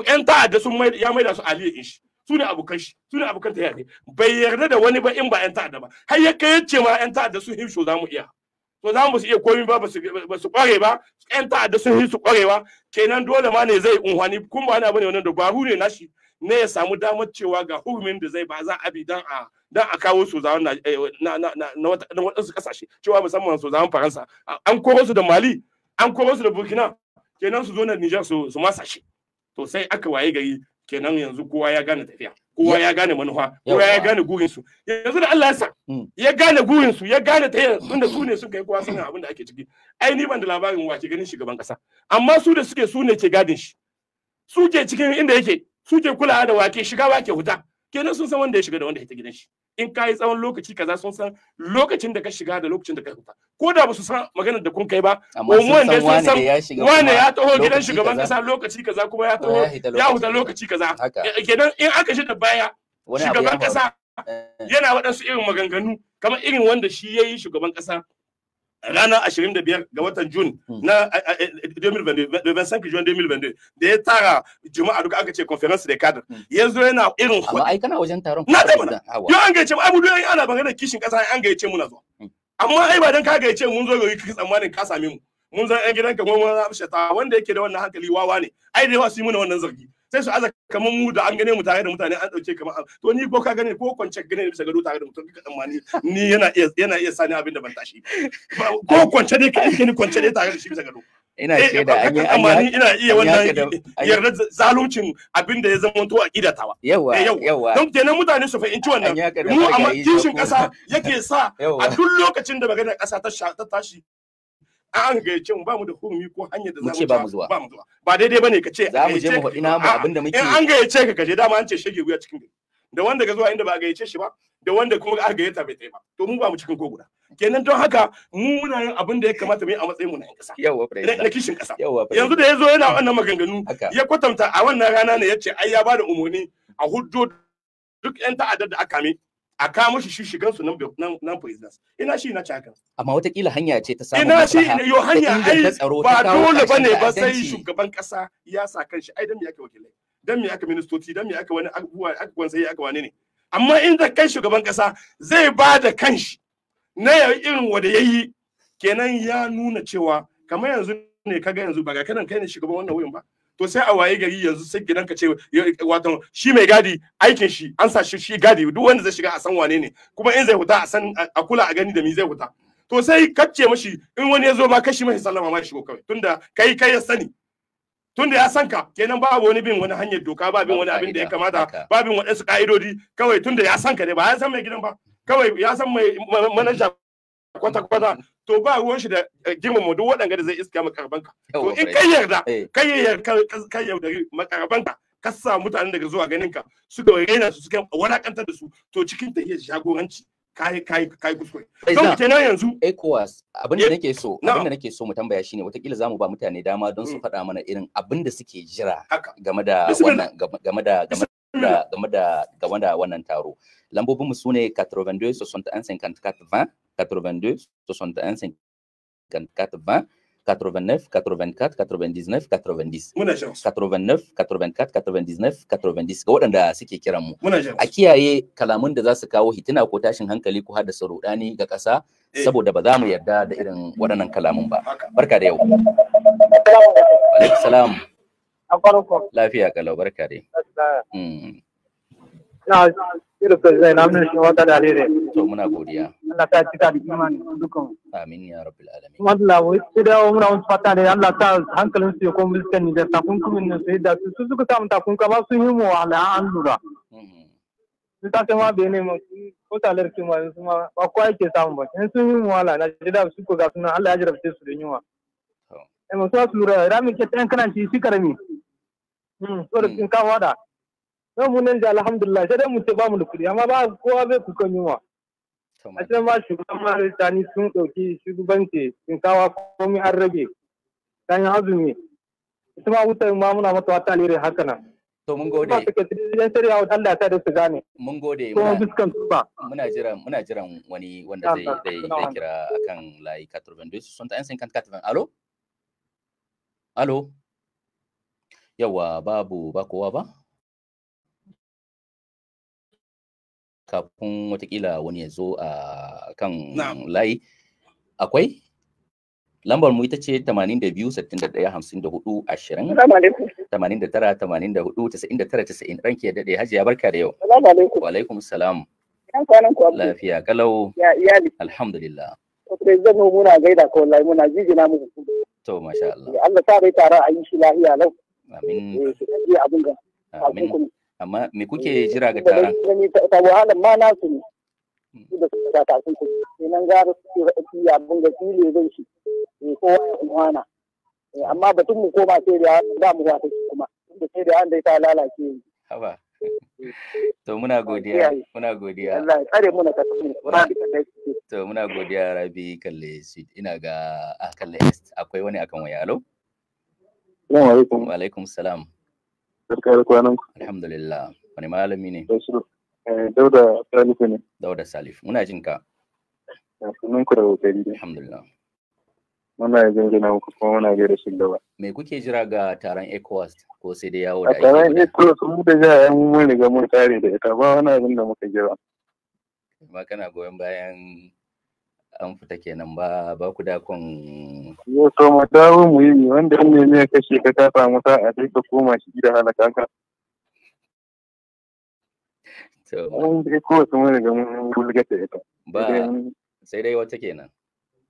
yan ta'adda sun ya maida su aliyu shi su ne abokan shi su ne abokan ta bai yarda da wani ba in ba yan ta'adda ba har ya kai yace ma yan ta'adda sun himsho za mu iya to za mu iya komi ba ba su kware ba yan ta'adda sun yi su kwarewa kenan dole ma ne zai unhwani kun ba na bane wannan da dabaru ne nashi ne ya samu damar cewa ga hurumin da zai ba za a bi dan a dan a kawo su zaman eh, na na na kasashe cewa musamman su zaman Faransa an koro su da Mali an koro su da Burkina kenan su zo na Niger su su masa to sai aka waye gari kenan yanzu kowa ya gane tafiya kowa ya gane manufa kowa ya gane gurin su yanzu da Allah ya sa mm. ya gane gurin su ya gane ta yanzu da su ne suka yi kowa sanin abin da ake ciki ai ni ban da labarin wace ganin shugaban kasa amma su da suke su ne ke gadin shi su ke cikin inda yake su ke kulawa da wake shiga wake huta kenan sun san wanda ya shiga da wanda ya ta gidan shi in ka yi tsawon lokaci kaza sun san lokacin da ka shiga da lokacin da ka fita ko da ba su san maganar da kun kai ba Amma sun san wane ya taho gidan shugaban kasa lokaci kaza kuma ya taho ya huta lokaci kaza eh, kenan in aka shi da baya shugaban kasa eh. yana waɗansu irin maganganu kamar irin wanda shi ya yi shugaban kasa ranar 25 ga watan Jun hmm. na 25 juni 2022 da ya tara juma'a duka aka ce conference de cadre hmm. yanzu yana irin hudu ai kana wajen taron na ta mana yo an gaice mu ai mu duk ana bangaren kishin kasa an gaice mu na zo hmm. amma ai ba dan ka gaice mun zo gari kike tsammanin ka same mu mun zo yan gidanka kuma mun shata wanda yake da wannan hankali wawa ne ai da yawa su yi mana wannan zargi sai su aza kamar mu da an gane mu tare da mutane an dauke kamar to ni ko ka gane ko kwance gane bisa gado tare da mutum kika tsammani ni yana iya yana iya sani abin da ban tashi ko kwance dai kai ni kwance dai tare da shi bisa gado ina ce da an yi an ina iya wannan yarda zaluncin abin da ya zama to a kidatawa eh, yawa yawa don kenan mutane su fahimci wannan mu amma kishin kasa yake sa a duk lokacin da magana kasa ta tashi an gayyace mu ba mu da hurumi ko hanyar da za mu ba mu zuwa ba mu zuwa ba daidai bane ka ce za mu je mu faɗi namu abinda muke in an gayyace ka kaje dama an ce shege wuya cikin gari da wanda ga zuwa inda ba a gayyace shi ba da wanda kuma aka gayyata bai tsaye ba to mu ba mu cikin ko guda kenan don haka mu muna yin abin da ya kamata mu yi a matsayin mu na kasa yawa na kishin kasa yanzu da ya zo yana wannan maganganu ya kwatanta a wannan rana ne ya ce ai ya bada umarni a huddo duk yan ta'addar da aka mai a kawo shi shigan su nan nan prisoners ina shi ina chakan amma watakila hanya ce ta samu ina shi yo hanya ai ba dole bane ba sai shugaban kasa ya sa kanshi ai dan me yake wakilai dan me yake ministoci dan me yake wani abubuwa aka gwan sai aka wane ne amma in da kai shugaban kasa zai ba da kanshi na irin wanda yayi kenan ya nuna cewa kamar yanzu ne kaga yanzu ba ga kanan kai ne shugaban wannan wurin ba to sai a waye gari yanzu sai gidan ka ce wato shi mai gadi aikin shi an sa shi shi gadi duk wanda zai shiga a san wane ne kuma in zai huta a san a kula a gani da mi zai huta to sai kacce mashi in wani ya zo ma kashi mai sallama ma shigo kawai tunda kai kai ya sani tunda ya san ka kenan ba wani bin wani hanyar doka ba bin wani abin da ya kamata ba bin waɗansu ka'idodi kawai tunda ya san ka ne ba ya san mai gidan ba kawai ya san mai manaja kwata-kwata to ba ruwan shi da eh, mu duk waɗanda da zai iska makarabanka to in eh. kai yarda eh. kai yarda kai yaudari makarabanka ka sa mutanen daga zuwa ganin ka suka raina su suka wadakantar da su to cikin ta iya jagoranci kai kai kai kuskure don kenan yanzu ECOWAS abin da nake so abin da nake so mu tambaya shine watakila zamu ba mutane dama don su mm. faɗa mana irin abin da suke jira game da wannan game da game da game da wannan taro lambobinmu su ne 82 61 54 82, 61, 54, 20, 89, 84, 99, 90. Muna 89, 84, 99, 90 ga waɗanda suke kiran mu. A kiyaye kalamun da za su kawo hitina ko tashin hankali ko hada rudani ga ƙasa eh. saboda ba za mu yarda da irin waɗannan kalamun ba. Barka da yau. Alaikum salam. Lafiya kalau barka dai. Ilu President na nuna shi wata da To muna godiya. Allah ta cika da Amin ya rabbil alamin. Allah wai sai da muna fata Allah ta hankalin su ya koma da takunkumin nan sai da su suka samu takunka ba yi mu wahala an lura. Mm-hmm. ta ma bai ne ko ma su ma ba kowa yake samu ba. In sun yi mu wahala na ji da su ko ga sunan Allah ya jarabce su da yunwa. Eh masu lura ramin ke kanan shi karami. Hmm, so da mm. kin kawo da. Nan mu nan ji alhamdulillah sai dai mu ce ba mu da kuɗi amma ba kowa bai kukan yunwa. A cikin ma shugaban Maritani sun ɗauki shugabanci kawo komai an rage. kan yi azumi. Ita ma wutar ma muna mata wata alheri haka nan. To mun gode. Ba suke cikin shirya Allah ta da su gane. Mun gode. Kuma fuskan ba. Muna jiran muna jiran wani wanda zai zai zai kira akan layi katurban su sun ta yan sun kan 80. Alo? Alo? Yawa babu ba kowa ba? kafin watakila wani ya zo a kan layi akwai lambar mu ita ce 82 61 54 89 84 99 ranke dade hajiya barka da yau wa alaikum salam lafiya kalau ya iyali alhamdulillah president muna gaida ko wallahi muna jijina muku to masha Allah Allah sa tara a yi shi lafiya lau amin eh, amin amma me kuke eh, jira ga taron ta wahala ma na su ne hmm. da suka ta sun ku nan gara su ke fi abin da fili zai shi ne eh, ko wani eh, amma batun mu koma sai da da mu wata kuma inda sai da an dai ta lalace haba to muna godiya muna godiya Allah ya tsare muna mu na kasu hmm. to muna godiya Rabi kalle ina ga a ah, kalle akwai wani akan waya alo alaikum. Wa alaikum salam. barka da kwanan ku alhamdulillah wani malami ne eh, dauda Salif ne dauda salif muna jin ka sunan ku da kokari ne alhamdulillah muna jinjina muku kuma muna gaida shi gaba me kuke jira ga taron ecowas ko sai dai yawo da ake taron ecowas mu da jira yan mun riga mun tare da ita ba wani abin da muka jira ba kana goyon bayan an fita kenan ba ba ku kun yo to mu dawo mu yi wanda in ne ne kashe ka ta samu ta a ka koma shi da halaka ka to wanda ko su mun ga mun ta ita ba sai dai wata kenan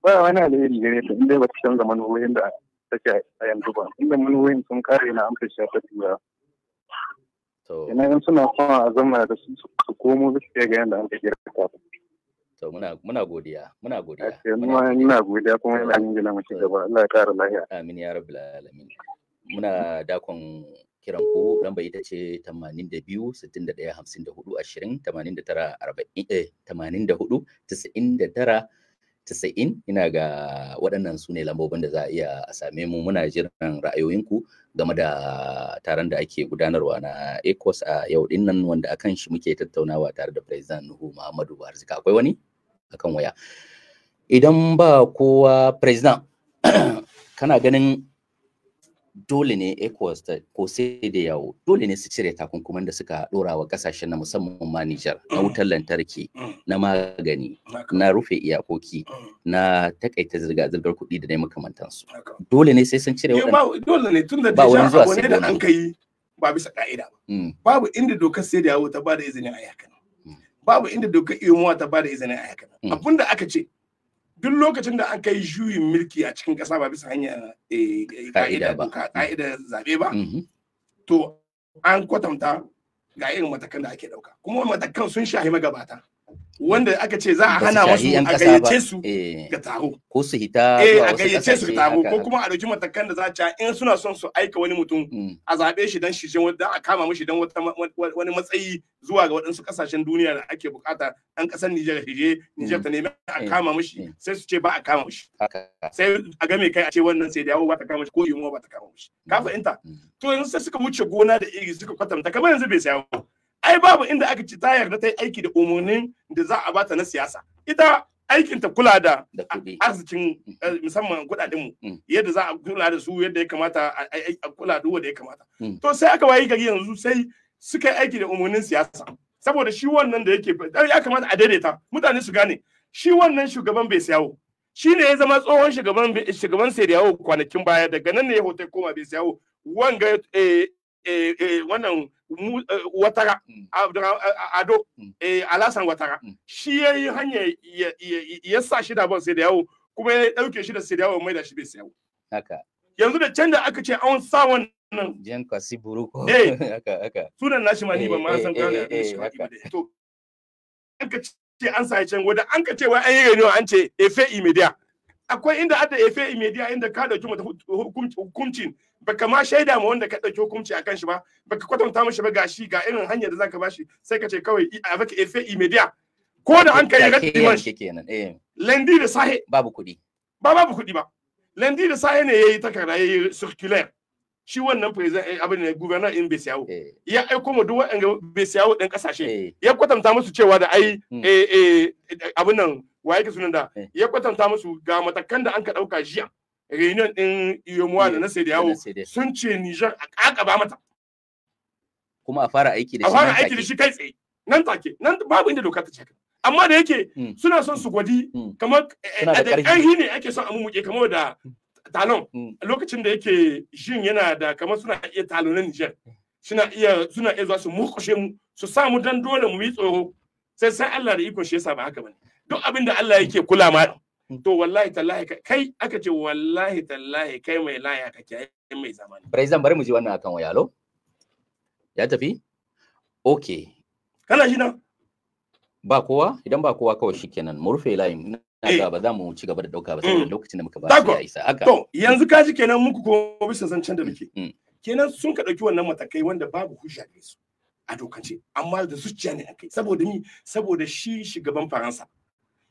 ba wani alheri gare ta inda ba ta canza manufofin da take a yanzu ba inda manufofin sun kare na amsa shi ta tura to ina suna kuma a zama da su su komo su ga yanda an ta girka ta to muna muna godiya muna godiya muna godiya kuma yana yin gina mu gaba Allah ya kara lahiya. amin ya rabu alamin muna dakon kiran ku lamba ita ce 82 61 54 20 89 40 84 99 90 ina ga waɗannan su ne lambobin da za a iya a same mu muna jiran ra'ayoyinku game da taron da ake gudanarwa na ecos a yau dinnan wanda akan shi muke tattaunawa tare da president nuhu muhammadu buhari akwai wani akan waya idan ba kowa president kana ganin dole ne ECOWAS ta ko sai da yawo dole ne su cire takunkuman da suka dora wa kasashen na musamman ma Niger na wutar lantarki na magani na rufe iyakoki na takaita zirga-zirgar kuɗi da dai makamantansu dole ne sai sun cire dole ne tun da ba wani zuwa sai da an kai ba bisa ka'ida ba mm. babu inda dokar sai da yawo ta ba da izinin a yakan babu inda dokar iyamuwa ta bada izinin a haka hmm. abin da aka ce duk lokacin da aka yi juyin mulki a cikin ƙasa ba bisa hanya eh, eh, ka'ida hmm. zaɓe ba mm-hmm. to an kwatanta ga irin matakan da ake ɗauka kuma matakan sun shahi magabata wanda aka ce za a hana wasu a gayyace su eh. ga taro ko su hita eh a gayyace su taro ko kuma a dauki matakan da za a ci in suna son su aika wani mutum mm. a zabe shi dan shi dan a kama mishi dan wani matsayi zuwa ga waɗansu kasashen duniya da ake bukata dan kasar Niger hije Niger ta mm. nemi a eh. kama mishi eh. sai su ce ba a kama mishi sai a ga mai kai a ce wannan sai dawo ba ta kama mishi ko yimo ba ta kama mishi ka mm. fahimta to yanzu sai suka wuce gona da iri suka kwatanta kamar yanzu bai sayawo ai babu inda aka ci ta yarda ta yi aiki da umarnin da za a bata na siyasa ita aikin ta kula da arzikin eh, musamman kudaden mu mm. yadda za a kula da su yadda ya kamata a kula da wanda ya kamata mm. to sai aka wayi gari yanzu sai suka yi aiki da umarnin siyasa saboda shi wannan da yake ya kamata a daidaita mutane su gane shi wannan shugaban bai siyawo shi ne ya zama tsohon shugaban shugaban sai yawo kwanakin baya daga nan ne ya hoto koma bai siyawo wanga eh, eh, wannan Eh, watara mm. ado mm. eh, alasan watara mm. shi ya yi hanya ya sa shi da ban sai da yawo kuma ya dauke shi da sai da yawo mai da shi bai sai yawo yanzu da can da aka ce an sa wannan jan kwasi buruko eh haka haka sunan nashi ma ni ban ma eh, san da shi to aka ce an sa can an ka ce wa an yi renewa an ce efe imedia akwai inda ada efe imedia inda ka dauki mata hukuncin baka ma shaida ma wanda ka ɗauki hukunci akan shi ba baka kwatanta mishi ba gashi ga irin hanyar da zaka bashi sai ka ce kawai baka efe immédiat ko da an kai ga dimanche eh. lendi da sahe babu kuɗi ba babu kuɗi ba lendi da sahe ne yayi takarda yayi circular shi wannan president eh, abin ne governor in Besiyawo eh. ya aiko mu duk waɗanda Besiyawo din kasashe ya kwatanta musu cewa da ai hmm. abin nan waye ke sunan da ya kwatanta musu ga matakan da an ka ɗauka jiya reunion din e eh, iyomuwa da na sai yawo sun ce Niger a ba mata kuma a fara aiki da shi a fara aiki da shi kai tsaye nan take nan babu inda doka ta ce amma da yake hmm. suna son su gwadi hmm. Hmm. kamar da eh, eh, ƙarfi ne ake son a mumuke kamar da talon lokacin da yake jin yana da kamar suna iya talonan Niger suna iya suna iya zuwa su murkushe mu su sa mu dan dole mu yi tsoro sai sai Allah da iko shi yasa ba haka bane duk abin da Allah yake kula ma to wallahi tallahi kai aka ce wallahi tallahi kai mai laya kake mai zamani president bari mu ji wannan akan waya lo ya tafi okay kana shi nan ba kowa idan ba kowa kawai shikenan mu rufe layin na eh. ga ba za mu ci gaba da dauka ba saboda mm. lokacin da muka ba ya isa haka to yanzu ka ji kenan muku ko bisa zancen da mm, muke mm. kenan sun ka dauki wannan matakai wanda babu hujja da su a dokance amma da zuciya ne akai saboda ni saboda shi shugaban faransa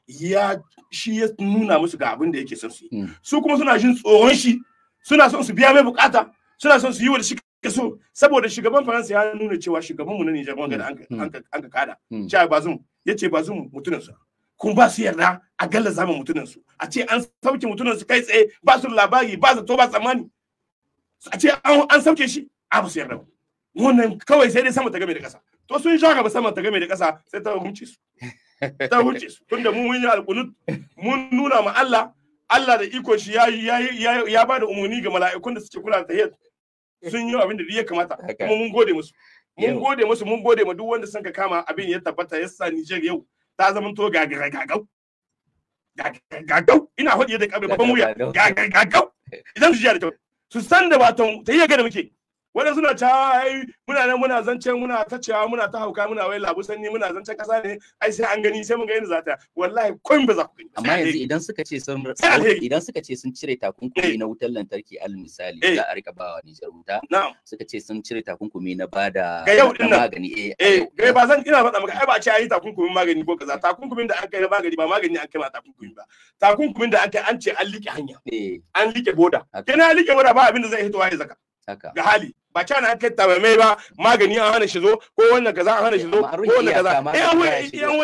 ya shi ya nuna musu ga abin da yake son su yi hmm. su kuma suna jin tsoron shi suna son su biya mai bukata suna son su yi wa da shi so saboda shugaban faransa ya nuna cewa shugabanmu na nijar wanda hmm. hmm. an ka kada cewa bazum ya ce bazum mutunan su kun ba su yarda a galla zama mutunan su a ce an sauke mutunan su kai tsaye ba su labari ba zato ba tsammani a ce an sauke shi a ba su yarda wannan kawai sai dai sama ta game da kasa to sun sha ba sama ta game da kasa sai ta ci su ta wuce tunda mu mun yi alkunut mun nuna ma Allah Allah da iko shi ya ya ba da umarni ga mala'ikun da suke kula da tahiyyat sun yi abin da ya kamata kuma mun gode musu mun gode musu mun gode ma duk wanda sun ka kama abin ya tabbata ya sa Niger yau ta zama to ga gagagagau ina hodi da kabe babban wuya gagagagau idan su ji da kyau su san da ba ta yi ga da muke wani suna ta ai muna nan muna zance muna ta cewa muna ta hauka muna wai labu sanni muna zance kasa ne ai sai an gani sai mun ga yadda za ta wallahi kun ba za ku gani amma yanzu idan suka ce sun idan suka ce sun cire takunkumi eh. na wutar lantarki al misali eh. za a rika bawa Nijar wuta suka ce sun cire takunkumi na bada ga yau magani eh ga eh, ba zan ina faɗa maka ai ba a ce an yi takunkumin magani ko kaza takunkumin da an kai na magani ba magani an kai ma takunkumi ba takunkumin da an kai an ce an liƙe hanya an liƙe boda kina liƙe boda ba abin da zai hito ya zaka ga hali ba ca na aka tabe mai ba magani an hana shi zo ko wannan kaza an hana shi zo ko wannan kaza eh an wai yan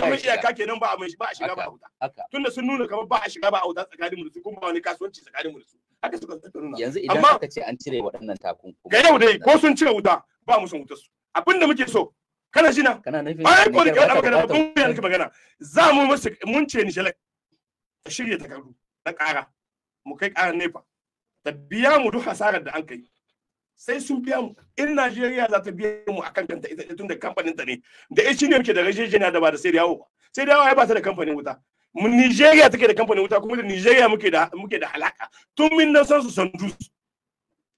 wai shi iyaka kenan ba a mai ba a shiga ba huta tunda sun nuna kamar ba a shiga ba a huta tsakanin mu su kuma wani kasuwanci tsakanin mu su haka suka nuna yanzu idan aka ce an cire waɗannan takunkumi ga yau dai ko sun cire wuta ba mu son hutar su abinda muke so kana jina ai ko da kana magana babban wuyan ka magana za mu musu mun ce ni shalai shirya takardu na ƙara mu kai ƙarar nefa ta biya mu duk hasarar da an kai sai sun biya mu in Najeriya za ta biya mu akan kanta ita tun da kamfanin ta ne da ai shine muke da rajejeniya da ba da sai dawo sai dawo ya ba ta da kamfanin wuta mun Nigeria take da kamfanin wuta kuma da Nigeria muke da muke da halaka tun min nan san su sandus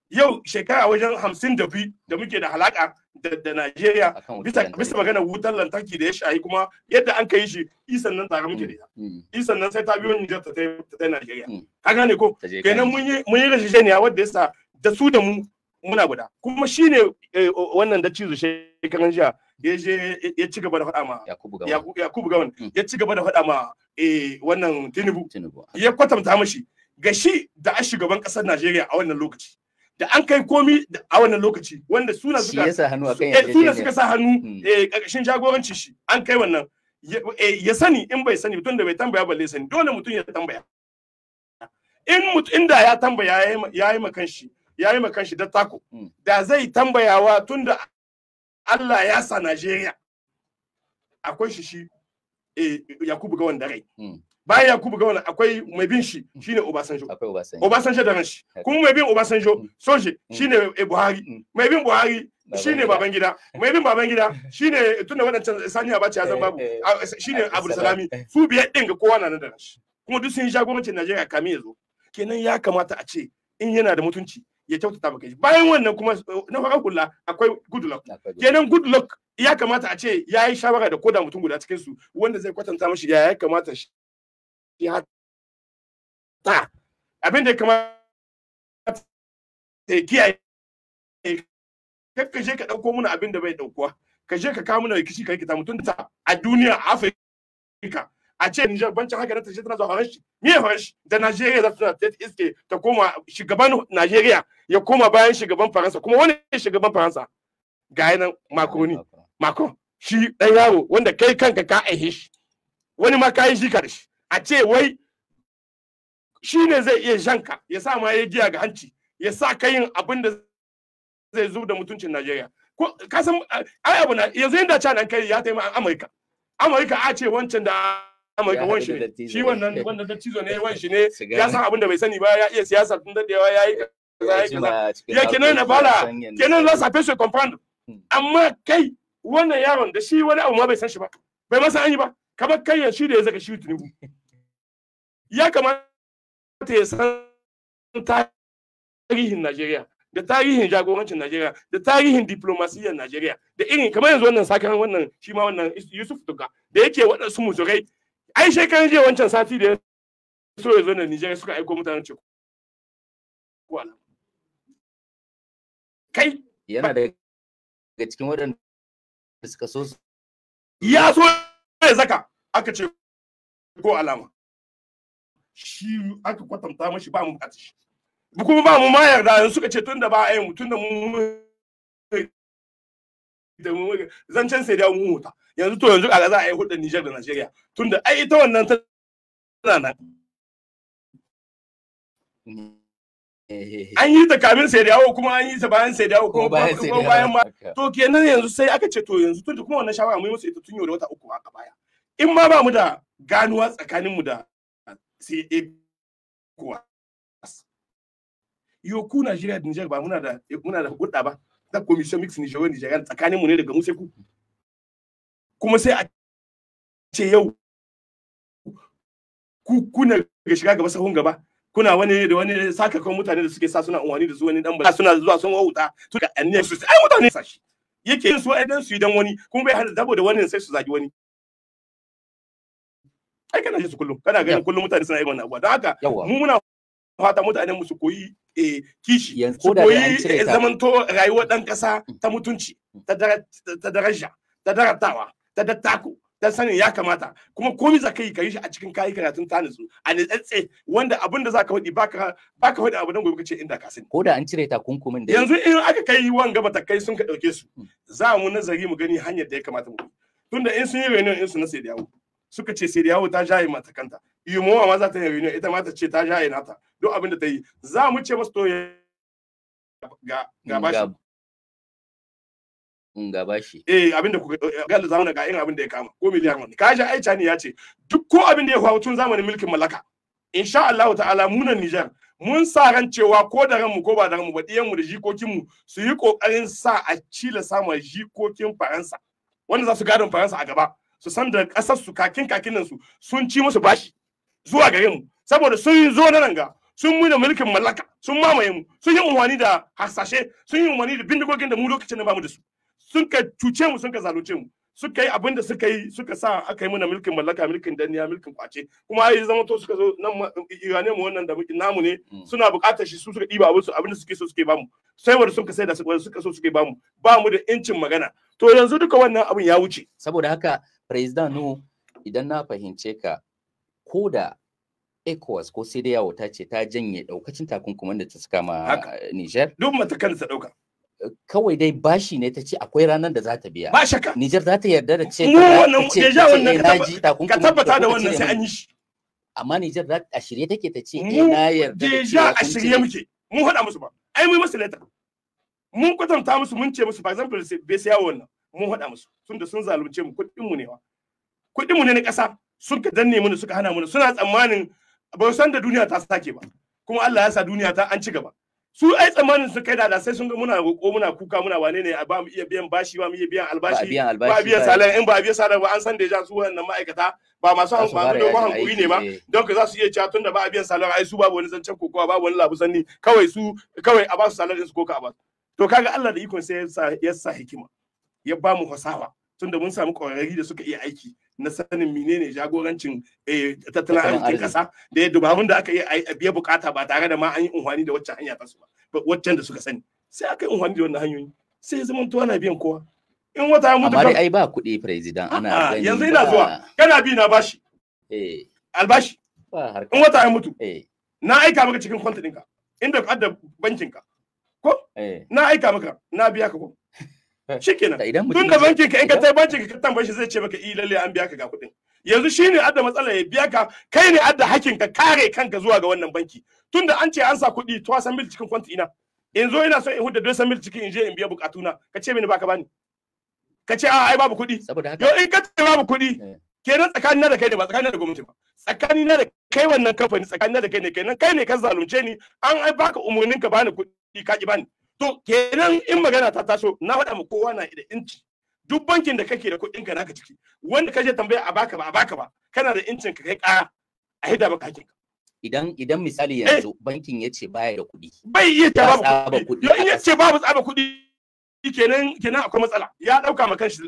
yau shekara wajen hamsin da bi da muke da halaka da, da Najeriya bisa, bisa magana wutar lantarki da ya shayi kuma yadda an kai shi isan nan tare muke da ita mm, mm. isan nan sai ta biyo da ta ta Najeriya mm. ka gane ko kenan mun yi mun yi rajejeniya wanda yasa da su da mu muna guda kuma shi ne eh, wannan dacci cizo shekaran jiya ya je ya ci gaba da faɗa ma yakubu gawan mm. ya ci gaba da faɗa ma eh, wannan tinubu ya kwatanta mashi ga shi da a shugaban ƙasar najeriya a wannan lokaci da an kai komi a wannan lokaci wanda suna suka suna suka sa hannu eh, mm. ƙarƙashin jagorancin shi an kai wannan ya sani in bai sani tun da bai tambaya balle sani dole mutum ya tambaya in da ya tambaya ya yi makan shi ya yi makan shi da tako hmm. da zai tambayawa tunda Allah ya sa Najeriya akwai shi shi eh, Yakubu ga wanda rai hmm. bayan Yakubu wanda akwai mai bin shi hmm. shine Obasanjo Obasanjo da ranshi kuma mai bin Obasanjo soje shine eh, Buhari mai bin Buhari shine Babangida mai bin Babangida shine tunda wadancan eh, Sani Abacha ya zama babu ah, shine Abdul Salami su biyar din ga kowa na nan da ranshi kuma duk sun yi jagorancin Najeriya kamin ya zo kenan ya kamata a ce in yana da mutunci ya kyautata maka shi bayan wannan kuma na fara kula akwai good luck kenan good luck ya kamata a ce ya yi shawara da koda mutum guda cikin su wanda zai kwatanta mashi ya ya kamata shi ya ta abin da ya kamata ya kiyaye kakkaje ka dauko mana abin da bai daukuwa ka je ka kawo mana rikici ka rikita mutum ta a duniya a Afirka a ce Nijar bancin haka na tashi tana zuwa horon shi me horon shi da Najeriya za ta iske ta koma shugaban Najeriya ya koma bayan shugaban Faransa kuma wani shugaban Faransa ga yana Macron Macron shi dan yaro wanda kai kanka ka aihe shi wani ma ka yi shi ka shi a ce wai shi ne zai iya shanka ya sa ma ya giya ga hanci ya sa ka yin abin da zai zo da mutuncin Najeriya ka san ai abu na yanzu yanda nan kai ya taimaka Amurka Amurka a ce wancan da mai kawon shi ne shi wannan wannan cizo ne wan shi ne ya san abin da bai sani ba ya iya siyasa tun dadewa ya yi ya nan na fara kenan za su su comprendre hmm. amma kai wannan yaron da shi wani abu ma bai san shi ba bai masa an yi ba kamar kai ya shi da ya zaka shi tunubu ya kamata ya san tarihin Najeriya da tarihin jagorancin Najeriya da tarihin diplomasiyyar Najeriya da irin kamar yanzu wannan sakan wannan shi ma wannan Yusuf Tuka da yake waɗansu muzurai ai shekaran jiya wancan sati da ya so ya zo na Nijar suka aiko mutanen ce wala kai yana da ga cikin waɗanda suka so ya so ya zaka aka ce ko alama shi aka kwatanta mashi ba mu bukatar shi kuma ba mu ma yarda suka ce tunda ba a yi mu da mu zancen sai da mu huta yanzu to yanzu kaga za a yi hudun Niger da Nigeria tunda ai ita wannan tana nan an yi ta kamin sai dawo kuma an yi ta bayan sai dawo kuma bayan ma to kenan yanzu sai aka ce to yanzu tunda kuma wannan shawara mai musu ita tun yau da wata uku aka baya in ma ba mu da ganuwa tsakanin mu da sai kuwa ku Najeriya da Niger ba muna da muna da hudda ba da commission mix Nigeria Nigeria tsakanin mu ne daga mu sai ku kuma sai a ce yau ku kuna ga shiga gaba sahun gaba kuna wani da wani sakakan mutane da suke sa suna unwani da su wani dan ba suna zuwa sun wauta to ga anniya su ai mutane yake yin su ai su idan wani kuma bai hada dabo da wani sai su zagi wani ai kana ji su kullum kana ganin kullum mutane suna irin wannan abuwa don haka mu muna fata mutanen mu su koyi eh, kishi su koyi eh, zamanto rayuwar dan kasa mm. ta mutunci ta daraja ta daratawa ta dattako ta sanin ya kamata kuma komi za ka yi ka yi shi a cikin kayi karatun ta nutsu a nitsatse wanda abin da za ka faɗi baka baka faɗi abu don gobe kace inda ka sani ko da an cire takunkumin da yanzu in aka kai gaba ta kai sun ka dauke su mm. za mu nazari mu gani hanyar da ya kamata mu tunda in sun yi reunion in su na sai da yawo suka ce sai da yawo ta jaye mata kanta Imo ma za ta yi reunion ita ma ta ce ta jaye nata duk abin da ta yi za mu ce masu to ga ga mm, bashi mm, ga bashi eh abin da ku ga zamanin ga irin abin da ya kama ko miliyan wani kaji aicha ne ya ce duk ko abin da ya faru tun zamanin mulkin mallaka insha Allah ta'ala nan Niger mun sa ran cewa ko da ranmu ko ba da ranmu ba mu da jikokinmu su yi ƙoƙarin sa a cila samun jikokin Faransa wanda za su gadon Faransa a gaba su san da ƙasar su kakin kakinan su sun ci musu bashi zuwa ga yin saboda sun yi zo na nan ga sun muna mulkin mallaka sun mamaye mu sun yi umarni da hasashe sun yi umarni da bindigogin da mu lokacin da bamu da su sun ka cuce mu sun ka zalunce mu suka yi abin da suka yi suka sa aka yi muna mulkin mallaka mulkin danniya mulkin kwace kuma ai zama to suka zo nan iyane mu wannan da muke namu ne mm. suna buƙatar shi su suka diba abin su abin da suke so suke bamu sai wanda sun ka sai da suka so suke bamu bamu da incin magana to yanzu duka wannan abin ya wuce saboda haka president no idan na fahimce ka ko da ECOWAS ko sai da yawo ta ce ta janye daukacin takunkuman da ta saka ma Niger. Duk matakan ta dauka. Kawai dai bashi ne ta ce akwai ranar da za ta biya. Ba shakka. Niger za ta yarda da ce. Mu wannan ja wannan eh, ka tabbata da wannan sai an yi shi. Amma Niger za a shirye take ta ce eh na yarda. ja a shirye muke. Mun haɗa musu ba. Ai mu yi musu letter. Mun kwatanta musu mun ce musu for example bai sai yawo wannan. Mun haɗa musu tunda sun zalunce mu kuɗin mu ne wa. Kuɗin mu ne na ƙasa. suka danne mana suka hana mana suna tsammanin ba san da duniya ta sake ba kuma Allah ya sa duniya ta an ci gaba su ai tsammanin su kai da sai sun ga muna roƙo muna kuka muna wane ne ba mu iya biyan bashi ba mu iya biyan albashi ba biya salari in ba biyan salari ba an san da ya su wannan ma'aikata ba masu hankali ba hankuri ne ba don ka za su iya cewa tun da ba biyan salari ai su babu wani zancen kokowa babu wani labu sanni kawai su kawai a ba su salarin su koka a ba to kaga Allah da ikon sai ya sa hikima ya ba mu fasaha tunda mun samu ƙwararri da suka iya aiki na sanin menene jagorancin eh, tattalin arzikin kasa da ba wanda aka yi a biya bukata ba tare da ma an yi unhwani da wacce hanya ta su ba waccan da suka sani sai aka yi unhwani da wannan hanyoyi sai ya zama tuwa na biyan kowa in wata mutu amma ai ba kuɗi president ana gani yanzu ina zuwa kana bi na bashi eh albashi in wata ya mutu eh. na aika maka cikin kwantin ɗinka inda ka adda bankin ka ko eh. na aika maka na biya ka ko shikenan tun da bankin ka in ka tai bankin ka tambaye shi zai ce maka i eh, lalle an biya ka ga kuɗin yanzu shine adda matsala ya biya ka kai ne adda hakin ka kare kanka zuwa ga wannan banki tunda an ce an sa kuɗi to san mil cikin kwanti ina in zo ina so in huda dosan mil cikin in je in biya bukatuna ka ce mini baka bani ka ce a ai babu kuɗi yo in ka ce babu kuɗi eh. kenan tsakanin na da kai ne ba tsakanin da gwamnati ba tsakanin na da kai wannan kamfani tsakanin na da kai ne kenan kai ne ka zalunce ni an ai baka umurnin ka bani kuɗi ka ki bani to kenan in magana ta taso na faɗa ma kowa na da inci duk bankin da kake da kuɗin ka naka ciki wanda kaje tambaya a baka ba a baka ba kana da incin ka kai ƙara a hida baka hakin idan idan misali eh. yanzu bankin ya ce baya da kuɗi bai iya ta babu kuɗi in ya ce babu tsaba kuɗi kenan kenan akwai matsala ya dauka ma kanshi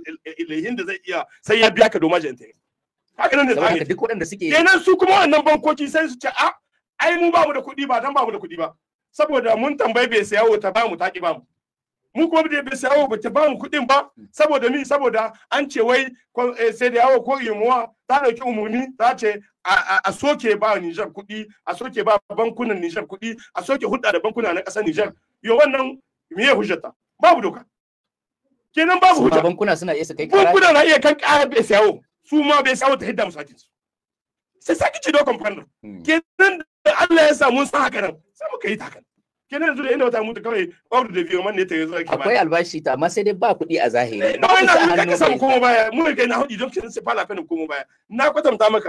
lehin da zai iya sai ya biya ka domin jin tare haka nan ne zai duk waɗanda suke kenan su kuma wannan bankoki sai su ce a ah, ai mu ba mu da kuɗi ba dan ba mu da kuɗi ba saboda mun tambayi bai sayawo ta bamu ta ki bamu mu kuma da bai sayawo ba ta bamu kuɗin ba saboda mi saboda an ce wai eh, sai da yawo ko yimuwa ta dauki umarni, ta ce a soke ba Nijar kuɗi a soke ba bankunan Nijar kuɗi a soke hudda da bankuna na ƙasar Nijar yo wannan me ya hujjata babu doka kenan babu hujja bankuna suna iya su kai kara bankuna na iya kan kara bai su ma bai sayawo ta hidda su c'est ça que tu dois comprendre Quelqu'un da Allah ya mun san Non, non, sai non, yi non, non, non, da non, non, mutu kawai non, non, non, ne non, non, non, akwai albashi ta non, non, non, ba kuɗi a non, eh, na non, non, non, non, non, non, non, non, non, non, non, non, non, non, non, non, non, na kwatanta non,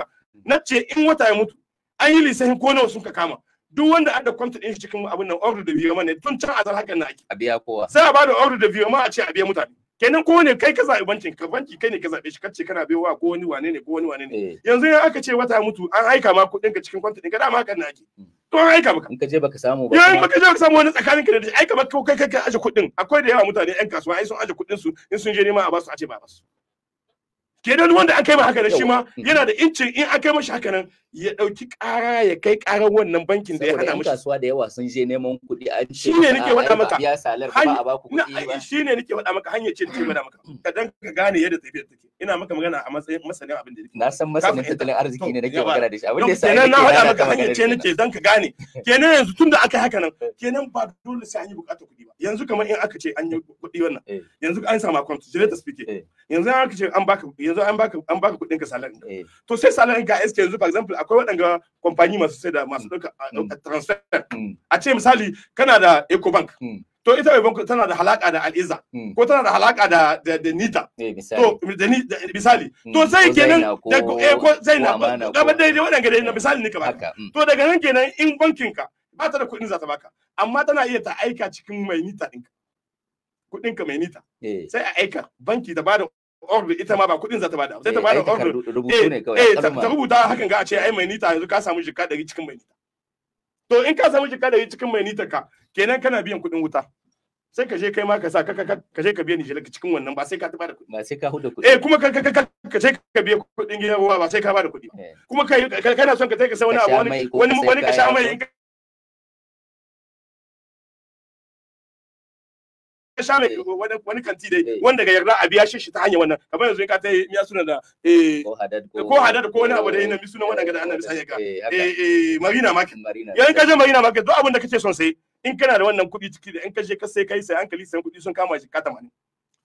non, ce in non, non, mutu an yi non, ko nawa sun ka kama duk wanda non, non, non, non, cikin non, nan non, non, non, ne tun can azar hakan na ake a non, kowa sai a bada non, non, non, a ce a biya mutane kenan ko ne kai ka zaɓi bankin ka banki kai ne ka zaɓe shi kace kana baiwa ko wani wane ne ko wani wane ne eh. yanzu in aka ce wata mutu an aika ma kuɗin ka cikin kwanta ɗinka. ka dama hakan na ake hmm. to an aika maka in ka je baka samu ba yayin baka je baka samu wani tsakanin ka da aika maka kai kai ka aje kuɗin akwai da yawa mutane yan kasuwa ai sun aje kuɗin su in sun je nema a basu a ce ba basu kenan wanda aka yi ma haka da shi ma yana da incin in aka yi mashi haka nan ya dauki kara ya kai karar wannan bankin da ya hada mashi kasuwa da yawa sun je neman kuɗi an ce shine nake wada maka ya salar ba a baku kuɗi ba shine nake wada maka hanyar cin da maka mm. ka dan ka gane yadda tafiyar take ina maka magana a matsayin masanin abin da nake na san masanin tattalin arziki ne nake magana da shi abin da yasa kenan na faɗa maka hanyar ce nake dan ka gane kenan yanzu tunda aka yi haka nan eh. kenan ba dole sai an yi bukatar kuɗi ba yanzu kamar in aka ce an yi kuɗi wannan eh. yanzu an samu account jira speak eh. yanzu an aka ce an baka yanzu an baka an baka kuɗin ka salon eh. to sai salon ga SK yanzu for example akwai waɗanga kamfani masu sai da masu ɗauka mm. transfer mm. a ce misali kana da Ecobank mm. to ita mai tana da halaka da al'iza ko tana da halaka da da nita to eh, misali to sai kenan da ko sai eh, na da ba dai wadanga dai misali ne ka baka to daga nan kenan in bankin ka ba ta da kuɗin za ta baka amma tana iya ta aika cikin mai nita ɗinka kuɗinka mai nita sai a aika banki da ba da. ordre ita ma ba kudin za ta bada sai ta eh, bada ordre eh, eh ta rubuta hakan ga a ce ai mai nita yanzu ka samu jikka dari cikin mai nita to in ka samu jikka dari cikin mai nita ka kenan kana biyan kudin wuta sai ka je kai ma ka sa ka ka je ka biya ni jilaka cikin wannan ba sai ka ta bada kudi ba sai ka huda kudi eh kuma ka ka ka je ka biya kudin gidan ruwa ba sai ka bada kudi eh. kuma kai kana son ka kai ka sai wani abu wani wani ka sha mai in Eh. wani kanti eh. a biya shi ta hanyar wannan kamar yanzu ka ta yi miya suna da eh, ko hadad ko wani abu da yana suna wannan ga da annabi sai ga marina market yayin ka je marina market duk abin da kace son sai in kana da wannan kuɗi ciki da in ka je ka sai kai sai hankali sai kuɗi sun kama shi ka tamani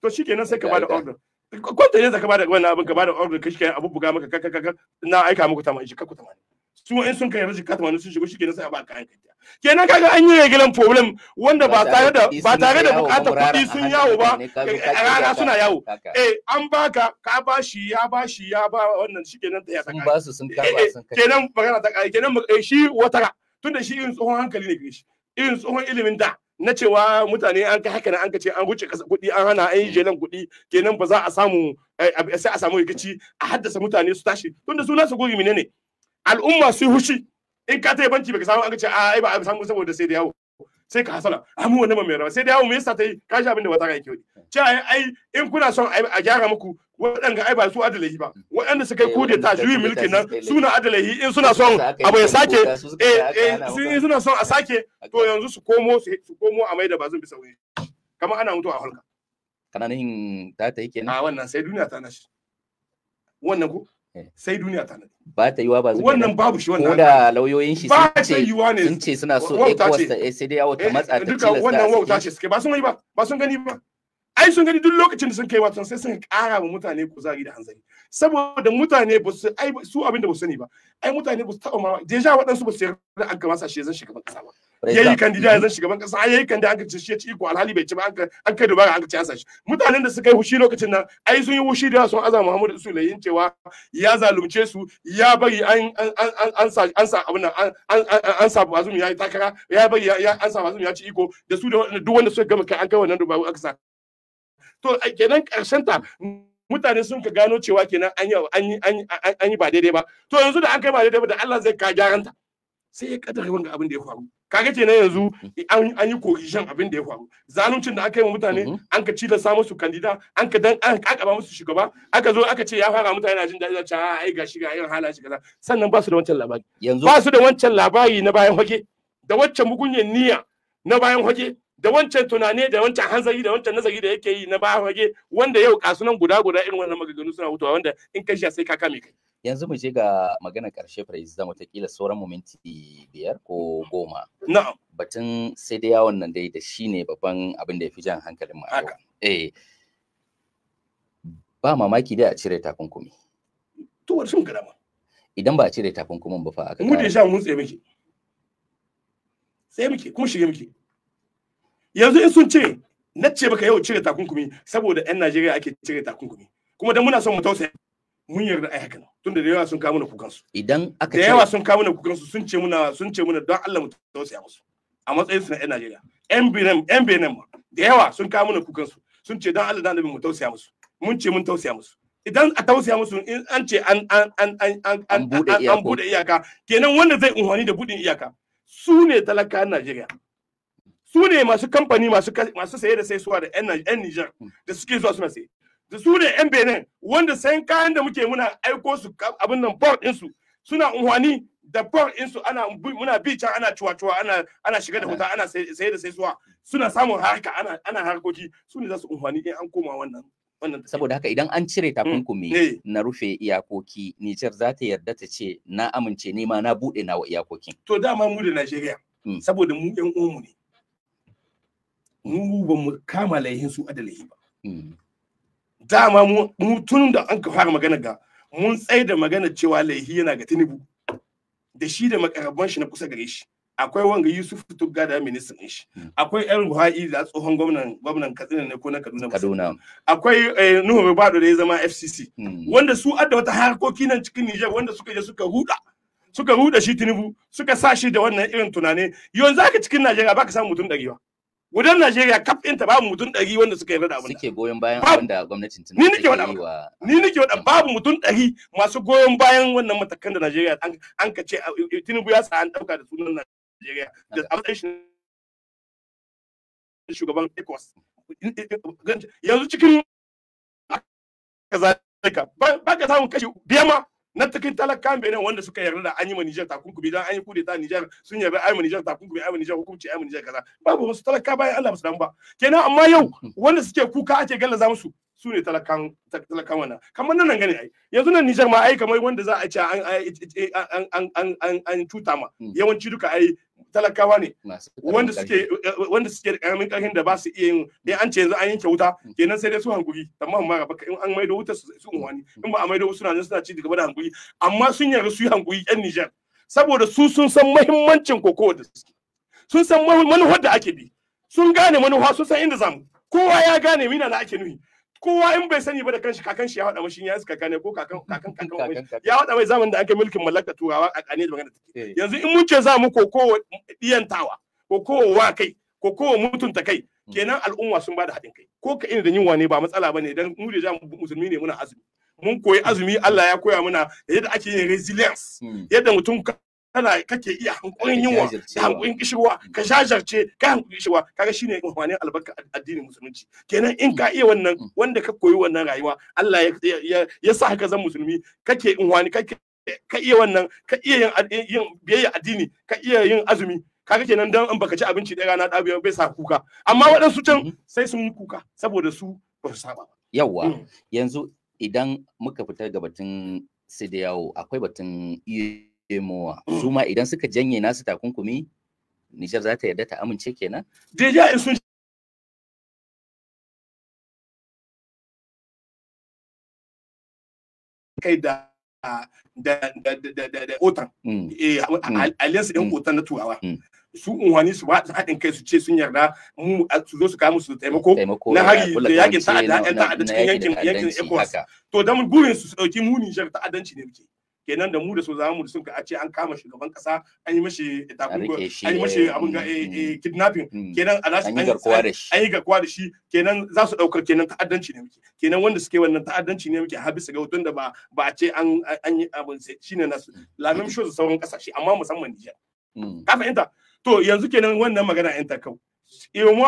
to shikenan sai ka bada order ko ta ne zaka bada wannan abin ka bada order ka shike buga maka ka na aika muku tamani shi ku tamani su in sun kai rashin katama sun shigo shike kenan sai ba kayan kanta kenan kaga an yi regular problem wanda ba tare da ba tare da bukatar kuɗi sun yawo ba rana suna yawo eh an baka ka bashi ya bashi ya ba wannan shike nan ta ya sun ba su sun karba eh, sun kenan magana ta kai kenan eh, shi watara tunda shi irin tsohon hankali ne gare shi in tsohon ilimin da na cewa mutane an kai haka an ka ce an wuce kuɗi an hana an yi mm. jelan kuɗi kenan ba za a samu eh, sai a samu rikici a haddasa mutane su tashi tunda su nasu gurmi ne ne al'umma su hushi in ka taya banci baka samu an ce a ah, ai ba a samu saboda sai da yawo sai ka hasala a ah, mu wannan mai rawa sai da yawo me yasa ta yi ka ji abin da wata yake wani ce ai ai in kuna son a gyara muku waɗanda ai ba su adalahi ba waɗanda suka yi kude ta juyi mulki nan suna adalahi in suna son abu ya sake eh eh suna son a sake to yanzu su komo su komo a maida bazin bisa wuri kamar ana mutuwa a halka kana nihin ta ta yi kenan a wannan sai duniya ta nashi wannan ko Eh. sai duniya ta nadi ba ta yiwa ba wannan babu shi wannan da lauyoyin shi sun ce suna so ECOWAS ta eh, sai dai yawo ta eh, matsa ta tilasta wannan wauta ce suke ba sun yi ba ba sun gani ba ai sun gani duk lokacin da sun kai wato sai sun kara wa mutane kuzari da hanzari saboda mutane ba su ai su abin da ba su sani ba ai mutane ba su taba ma deja waɗansu ba su yarda an gama sashe zan shugaban kasa ba yayi kandida ya zan shugaban kasa ai yayi kandida an ci shi ya ci ko alhali bai ci ba an kai dubara an ci an sashi mutanen da suka yi hushi lokacin nan ai sun yi hushi da sun aza Muhammadu Usule cewa ya zalunce su ya bari an an an an sa an sa abin nan an an sa Bazum yayi takara ya bari ya an sa Bazum ya ci iko da su da duk wanda suka gama kai an kai wannan dubara aka sa to kenan karshen ta mutane sun ka gano cewa kenan an yi ba daidai ba to yanzu da an kai ba daidai ba da Allah zai ka gyaran ta sai ya kaddara wanga abin da ya faru kaga kenan yanzu an yi korishan abin da ya faru zaluncin da aka yi wa mutane mhm. an ka samu su kandida an ka dan an kakaba musu shugaba aka zo aka ce ya fara mutane na jin daɗi cewa ah, ai gashi ga irin shi kaza sannan ba su da wancan labari ba su da wancan labari na bayan hoge da waccan mugunyen niyya na bayan hoge da wancan tunani da wancan hanzari da wancan nazari da yake yi na ba hage wanda yau kasunan guda guda irin wannan maganganu suna hutuwa wanda in ka sai ka kame kai yanzu mu je ga magana karshe praise zama ta kila sauran mu biyar ko goma na'am batun sai dai yawon nan dai da shine babban abin da ya fi jan hankalin mu eh ba mamaki dai a cire takunkumi wani sun ga idan ba a cire takunkumin ba fa aka mu da sha mun tsaye muke tsaye muke kuma shige muke yanzu in sun cire na ce baka yau cire takunkumi saboda yan Najeriya ake cire takunkumi kuma dan muna son mu tausaya mun yarda ai haka tunda da yawa sun kawo mana kukan su idan aka da yawa sun kawo mana kukan su sun ce muna sun ce muna don Allah mu tausaya musu a matsayin su na yan Najeriya yan Benin yan Benin ma da yawa sun kawo mana kukan su sun ce don Allah da Annabi mu tausaya musu mun ce mun tausaya musu idan a tausaya musu in an ce an an an an an bude iyaka kenan wanda zai unhwani da budin iyaka su ne talaka Najeriya su ne masu kamfani masu saye da saisuwa da 'yan Nijar da suke zuwa suna saye. Da su ne 'yan Benin wanda sayan kayan da muke muna aiko su abin nan port ɗinsu suna unhwani da port ɗinsu ana muna bi can ana cuwa-cuwa ana shiga da wuta ana saye da saisuwa suna samun harka ana harkoki su ne za su unhwani in an koma wannan. Saboda haka idan an cire takunkumi hmm. eh. na rufe iyakoki, Nijar za ta yarda ta ce na amince nema na buɗe nawa iyakokin. To dama mu da Najeriya, hmm. saboda mu 'yan omu ne. mu ba mu kama laihin su adalahi ba hmm. dama mu tun da an ka fara magana ga mun tsaye da magana cewa laihi yana ga tinubu da shi da makarabban shi na kusa gare shi akwai wanga yusuf tugga da ministan shi hmm. akwai yan ruha'i da tsohon gwamnan gwamnan katsina ne ko na kaduna kaduna akwai eh, nuhu mai bado da ya zama fcc hmm. wanda su adda wata harkoki nan cikin niger wanda suka je suka huda suka huda shi tinubu suka sa shi da wannan irin tunani yanzu haka cikin najeriya baka samu mutum ɗari ba gudan Najeriya kaf ɗinta babu mutum ɗari wanda suka yarda da abin suke goyon bayan abin da gwamnatin ni nake faɗa ni nake babu mutum ɗari masu goyon bayan wannan matakan da Najeriya an ka ce Tinubu ya sa an ɗauka da sunan Najeriya da abin shi shugaban Ecos yanzu cikin ba ka samun kashi biyar ma na cikin talakan nan wanda suka yarda da an yi ma Niger takunkumi dan an yi kudeta Niger sun yarda ai ma Niger takunkumi ai ma Niger hukunci ai ma Niger kaza babu wasu talaka bayan Allah musu dan ba kenan amma yau wanda suke kuka ake gallaza musu su ne talakan talakan wannan kamar nan gane ai yanzu nan Niger ma ai kamar wanda za a ce an an an an an tuta ma hmm. yawanci duka ai talakawa ne wanda suke eh, eh, wanda suke da karamin ƙarfin da ba su iya yin dai an ce yanzu an yanke wuta mm. kenan sai dai su hankuri amma ma baka in an maido wuta su unwani mm. in ba a maido suna nan suna ci gaba da hankuri amma sun yarda su yi hankuri ƴan Niger saboda su sun san muhimmancin koko da sun san manufar da ake bi sun gane manufa sun san inda zamu kowa ya gane mina na ake nuhi kowa in bai sani ba da kanshi kakan shi ya faɗa mashi ya suka kane ko kakan kakan kakan ya faɗa mai zamanin da aka mulkin mallaka turawa a kane da magana take eh. yanzu in mun ce za mu ko ko diyantawa ko ko wa kai ko ko mutunta kai hmm. kenan al'umma sun bada haɗin kai ko ka ina da yin ne ba matsala bane dan mu da musulmi ne muna azumi mun koyi azumi Allah ya koya mana yadda ake yin resilience hmm. yadda mutum kana kake iya hankulin yunwa da hankulin kishirwa ka jajarce ka hankulin kishirwa kaga shine wani albarka addinin musulunci kenan in ka iya wannan mm. wanda ka koyi wannan rayuwa Allah ya sa ka zan musulmi kake in wani kake ka iya wannan ka iya yin biyayya addini ka iya yin azumi kaga kenan dan in baka ci abinci da rana ɗabiya bai sa kuka amma mm. waɗansu can mm-hmm. sai sun yi kuka saboda su ba su saba yawa mm. yanzu idan muka fitar ga batun sai da yawo akwai batun iya mowa su ma idan suka janye nasu takunkumi Nijar za ta yarda ta amince kenan deja in sun kai da da da da da da otan mm. eh, mm. alliance din mm. otan na turawa su unhwani su haɗin kai su ce sun yarda mu su zo su kawo musu taimako na hari da yakin ta'adda ta'adda cikin yankin yankin ECOWAS to da mun burin su su dauki mu Nijar ta'addanci ne muke kenan da mu da su za mu da sun ka a ce an kama shugaban kasa an yi mashi takunkumi an yi mashi abin ga mm, eh, eh, mm. kidnapping mm. kenan a an yi garkuwa da shi kenan za su daukar kenan ta'addanci ne muke kenan wanda suke wannan ta'addanci ne muke har bisa ga wutun da ba ba a ce an an yi abin shine nasu lamin shi sauran kasashe amma musamman Nijar ka fahimta to yanzu kenan wannan magana yan takau iyo mu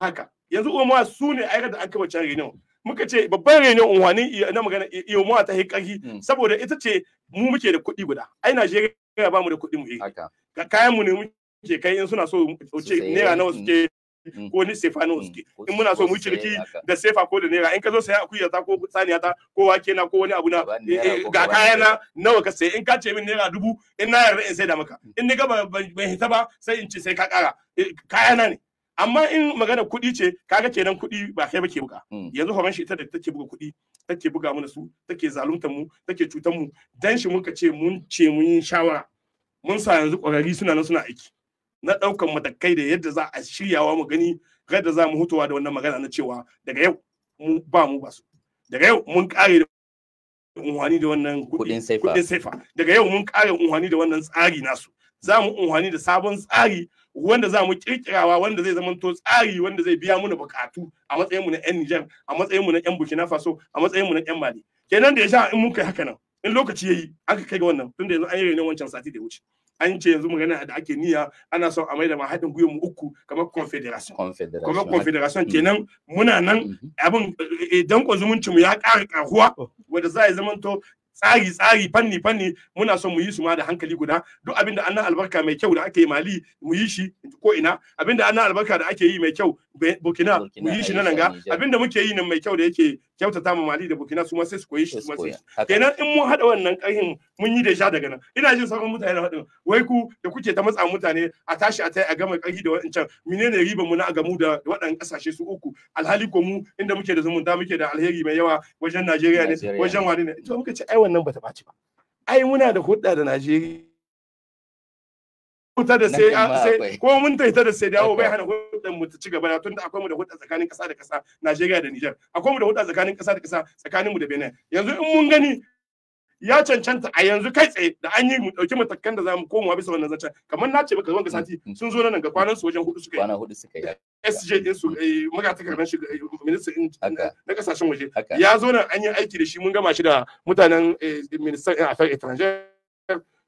haka yanzu uwa su ne aikata an kaba can renewa muka ce babban renon unhwanin na magana iyo mu ta hikari hmm. saboda ita ce mu muke da kuɗi guda ai Najeriya ba mu da kuɗi mu yi eh. kayan mu ne muke kai in suna so ce naira nawa hmm. suke hmm. ko ni sefa nawa suke in muna so mu yi ciniki da sefa ko da naira in ka zo saya akuya ta ko saniya ta ko wake na ko wani abu na eh, eh, ga kayan na nawa ka sai in ka ce min naira dubu in na yarda in sai da maka in ni ga ban hita ba sai in ce sai ka kara kayan na ne amma in magana kuɗi ce kaga kenan kuɗi ba kai ba ke buga hmm. yanzu horon shi ita da take buga kuɗi take buga mana su take zaluntar mu take cutar mu dan shi muka ce mun ce mun yi shawara mun sa yanzu ƙwararri suna nan suna aiki na ɗaukan matakai da yadda za a shiryawa mu gani yadda za mu hutuwa da wannan magana na cewa daga yau mu ba mu ba su daga yau mun kare da unhwani da wannan kuɗin saifa daga yau mun kare unhwani da wannan tsari nasu za mu unhwani da sabon tsari wanda za mu kirkirawa wanda zai zamanto tsari wanda zai biya muna bukatu a matsayin mu na yan Niger a matsayin mu na yan Burkina Faso a matsayin mu na yan Mali kenan da ya sha in mun kai haka nan in lokaci yayi aka kai ga wannan tunda yanzu an yi ne wancan sati da wuce an ce yanzu magana da ake niyya ana son a maida ma haɗin gwiwa mu uku kamar confederation kamar confederation mm-hmm. kenan muna nan mm-hmm. abin eh, eh, dan zumunci mu ya ƙara ƙaruwa oh. wanda za a zamanto tsari tsari fanni fanni muna son mu yi su ma da hankali guda duk abinda annan albarka mai kyau da ake yi mali mu yi shi ko ina abinda da annan albarka da ake yi mai kyau Burkina mu yi shi eh, nan ga abinda muke yi nan mai kyau da yake kyautata mu Mali da Burkina su ma sai su koyi shi kuma sai kenan in mun hada wannan karhin mun yi da sha daga nan ina jin sauran mutane da hadin wai ku da kuke ta matsa mutane a tashi a tai a gama karhi da wancan menene riba mu na gamu da waɗannan kasashe su uku alhali ko mu inda muke da zumunta muke da alheri mai yawa wajen Najeriya ne wajen wani ne to muka ce ai wannan bata baci ba ai muna da hudda da Najeriya huta da sai sai ko mun ta da sai dawo bai hana hudun mu ta ci gaba tun da akwai mu da huta tsakanin kasa da kasa Najeriya da Niger akwai mu da huta tsakanin kasa da kasa tsakanin mu da Benin yanzu in mun gani ya cancanta a yanzu kai tsaye da an yi mu dauki matakan da zamu komawa bisa wannan zancen kamar na ce maka zuwa ga sati mm, mm. sun zo nan ga kwanan su wajen hudu suka yi kwana hudu suka yi SJ din su eh, magatakardan shi din eh, na kasashen waje ya zo nan an yi aiki da shi mun gama shi da mutanen eh, ministan affaires étrangères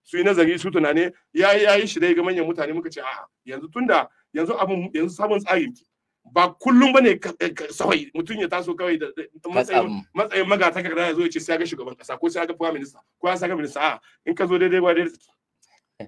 su yi nazari su tunane ya yi ya yi shi dai ga manyan mutane muka ce a'a yanzu tunda yanzu abin yanzu sabon tsari ba kullum bane sawai eh, mutum ya taso kawai da matsayin matsayin magatakarda ya zo ya ce sai ga shugaban kasa ko sai ga prime minister ko sai ga minista a'a in ka zo daidai ba daidai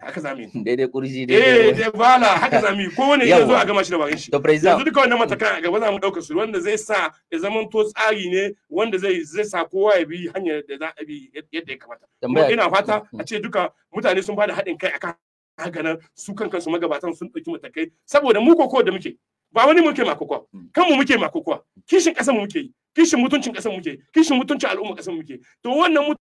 haka za zami daidai kurji daidai eh dai bala haka za zami ko wani zai zo a gama shi da bakin shi yanzu duka wannan matakan a gaba za mu dauka su wanda zai sa ya zaman to tsari ne wanda zai zai sa kowa ya bi hanyar da za a bi yadda ya kamata kuma ina fata mm. a ce duka mutane sun bada haɗin kai akan haka nan su kan kansu magabatan sun ɗauki matakai saboda mu koko da muke ba wani muke makokwa kan mu muke makokwa mm. kishin ƙasar mu muke yi kishin mutuncin ƙasar muke kishin mutuncin al'umma ƙasar muke to wannan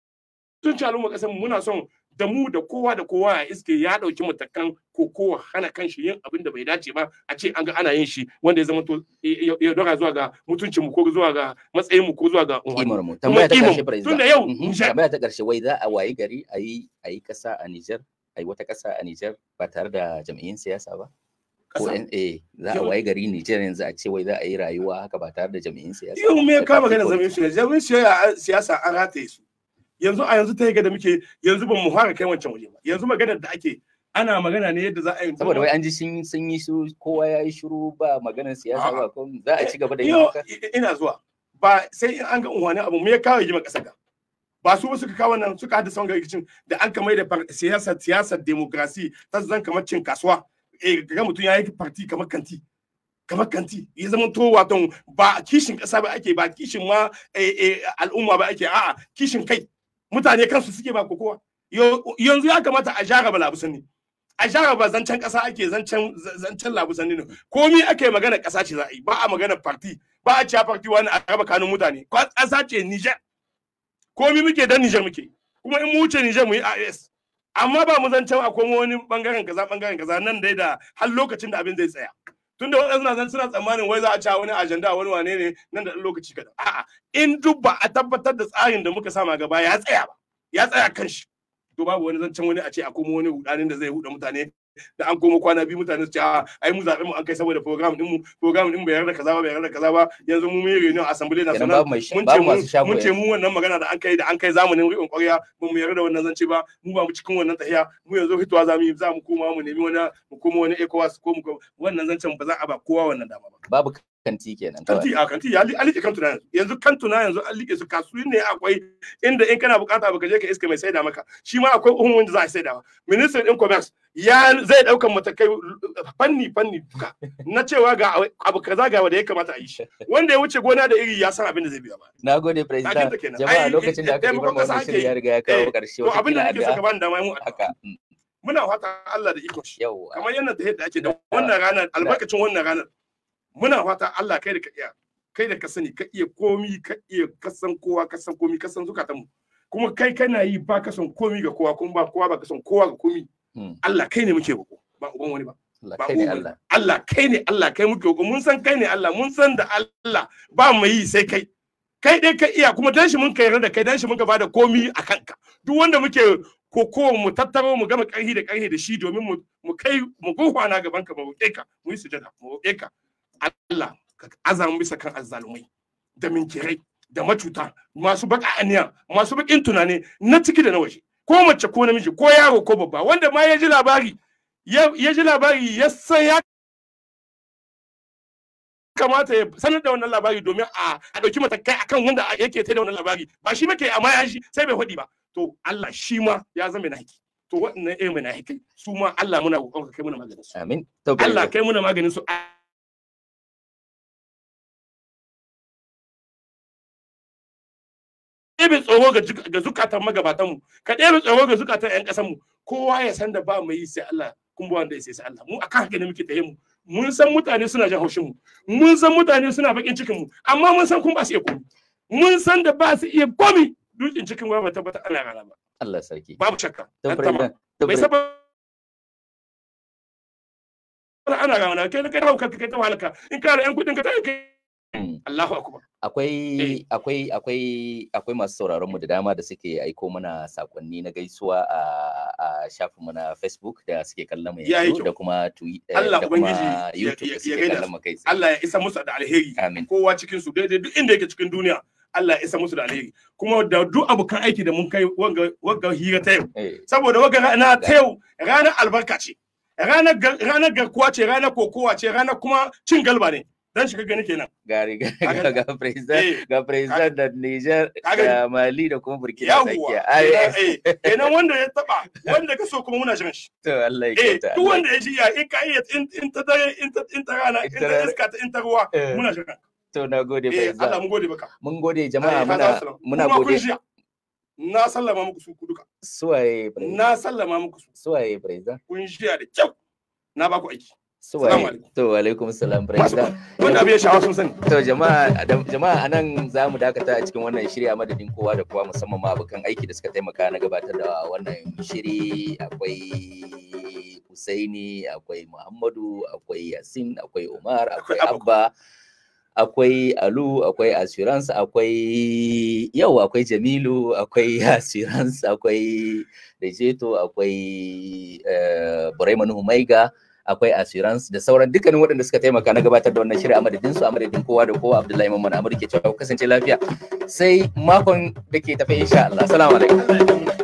mutuncin al'umma ƙasar muna son da mu da kowa da kowa a iske ya ɗauki matakan ko kowa hana kanshi yin abin da bai dace ba a ce an ga ana yin shi wanda ya zama to ya dora zuwa ga mutuncin mu ko zuwa ga matsayin mu ko zuwa ga umar mu tambaya ta karshe president tunda yau mhm. tambaya ta karshe wai za a wayi gari a yi kasa a Niger a yi wata kasa a Niger ba tare da jam'iyyun siyasa ba ko NA eh, za a waye gari Nijar yanzu a ce wai za a yi rayuwa haka ba tare da jami'in siyasa. Yau me ka magana jami'in siyasa? Jami'in siyasa an rataye su. yanzu a yanzu ta yi da muke yanzu ba mu fara kai wancan waje ba yanzu magana da ake ana magana ne yadda za a yi saboda wai an ji sun sun yi su kowa ya yi shiru ba maganar siyasa ba ko za a ci gaba da yi ina zuwa ba sai in an ga unwani abu me ya kawo gima kasa ga ba su suka kawo nan suka haddasa wanga rikicin da an kamar da siyasar siyasa demokrasi ta zan kamar cin kasuwa eh ga mutum ya yi parti kamar kanti kamar kanti ya zama to wato ba kishin kasa ba ake ba kishin ma eh, eh, al'umma ba ake a'a kishin kai mutane kansu suke ba kokowa yanzu ya kamata a jaraba labusanni a jaraba zancen kasa ake zancen zancen labusanni ne komai ake magana kasa ce za a yi ba a magana parti ba a cewa parti wani a raba kanun mutane kasa ce Niger komai muke dan Niger muke kuma in mu wuce Niger mu yi AS amma ba mu zancen akwai wani bangaren kaza bangaren kaza nan dai da har lokacin da abin zai tsaya tunda waɗansu na suna tsammanin wai za a ci wani ajanda wani wane ne nan da lokaci kaɗan a'a in duk ba a tabbatar da tsarin da muka sama gaba ya tsaya ba ya tsaya kan shi to babu wani zancen wani a ce a komo wani hudanin da zai huda mutane da an koma kwana biyu mutane su ce a ah, ai mu zaɓe mu an kai saboda program din mu program din bai yarda kaza ba bai yarda kaza ba yanzu mu mun reunion assembly sana mun ce mun ce mu wannan magana da an kai da an kai zamanin riƙon ƙwarya ba mu yarda wannan zance ba mu ba mu cikin wannan tahiya mu yanzu fitowa za mu yi za mu koma mu nemi wani mu koma wani ECOWAS ko mu wannan zancen ba za a ba kowa wannan dama ba babu kanti kenan kanti a kanti ya alike kantu kantuna yanzu yanzu na yanzu an like su kasuwa ne akwai inda in kana bukata baka je ka iska mai saida maka shi ma akwai uhun wanda za a saida ministry din commerce ya zai daukan matakai uh, fanni fanni duka na cewa ga abu kaza ga wanda ya kamata a yi shi wanda ya wuce gona da iri ya san abin da zai biya ba na gode president jama'a lokacin da aka yi bar wannan shirya ya riga ya kawo karshe eh, wata abin da nake so ka dama mu haka mm. muna fata Allah da iko shi kamar yadda da ake da wannan ranar albarkacin wannan ranar muna fata Allah kai da ka iya kai da ka sani ka iya komi ka iya kasan kowa kasan komi kasan zukatan mu kuma kai kana yi ba ka komi ga kowa kuma ba kowa ba ka kowa ga komi hmm. Allah kai ne muke bako ba uban wani ba Allah kai ne Allah kai muke bako mun san kai ne Allah mun san da Allah ba mu yi sai kai kai dai ka iya kuma dan shi mun kai da kai dan shi mun ka da komi a kanka duk wanda muke ko ko mu tattaro mu gama karhi da karhi da shi domin mu kai mu na gaban ka mu eka ka mu yi sujada mu eka. ka Allah ka azamu bisa kan azzalumai da minkirai da macuta masu baka aniya masu bakin tunani na ciki da na waje ko mace ko namiji ko yaro ko babba wanda ma ya ji labari ya ji labari ya san ya kamata ya sanar da wannan labari domin a ɗauki matakai akan wanda yake ta da wannan labari ba shi muke amma ya shi sai bai faɗi ba to Allah shi ma ya zama na haki to waɗannan irin na haki su ma Allah muna kokon kai muna maganin su amin Allah kai muna maganin su ɗebe tsoro ga zukatan magabatanmu ka ɗebe tsoro ga zukatan ƴan ƙasanmu kowa ya san da ba mu yi sai Allah kun ba wanda ya sai Allah mu akan haka ne muke tayi mu mun san mutane suna jin haushin mu mun san mutane suna bakin cikin mu amma mun san kun ba su iya komi mun san da ba su iya komi dukin cikin wa ba tabbata ana rana ba Allah sarki babu shakka bai saba ana rana kai kai hauka kai ta halaka in ka da ƴan kudin ka ta kai Mm. Allahu akbar. Akwai eh. akwai akwai akwai masu sauraron mu da dama da suke aiko mana sakonni na gaisuwa a a shafin mu na Facebook da suke kallon mu yanzu da kuma Twitter eh, da kuma YouTube da suke kallon mu kai tsaye. Allah ya isa musu da alheri. Amin. Kowa cikin su daidai duk inda yake cikin duniya. Allah ya isa musu da alheri kuma da duk abokan aiki da mun kai wanga wanga hira ta yau eh. saboda wanga rana ta yau ranar albarka ce Ranar ranar garkuwa ce ranar kokowa ce ranar kuma cin galba ne dan shi shiga gani kenan gari ga president eh, ga president da Niger da Mali da kuma Burkina Faso ai eh, kenan wanda ya taba wanda ka so kuma muna jiran shi to Allah ya eh, kyauta duk wanda ya ji ya in kai ya in in ta dare in ta in ta rana in ta iska ta in ta ruwa muna jiran to na gode president Allah mun gode baka mun gode jama'a muna muna gode na sallama muku su duka suwaye president na sallama muku su suwaye president kun jiya da kyau na ba ku aiki suwaye alaikum salam barkata wanda abin sani to jama'a jama'a anan za mu dakata a cikin wannan shiri a madadin kowa da kowa musamman ma abokan aiki da suka taimaka na gabatar da wannan shiri akwai Husaini akwai Muhammadu akwai Yasin akwai Umar akwai Abba akwai Alu akwai Assurance akwai yau akwai Jamilu akwai Assurance akwai Rejeto akwai eh, Buraiman Humaiga akwai assurance da sauran dukkanin waɗanda suka taimaka na gabatar da wannan shirin a madadin su a madadin kowa da kowa Abdullahi Mamman Amadu cewa kasance lafiya sai makon da ke tafe insha Allah. Assalamu alaikum.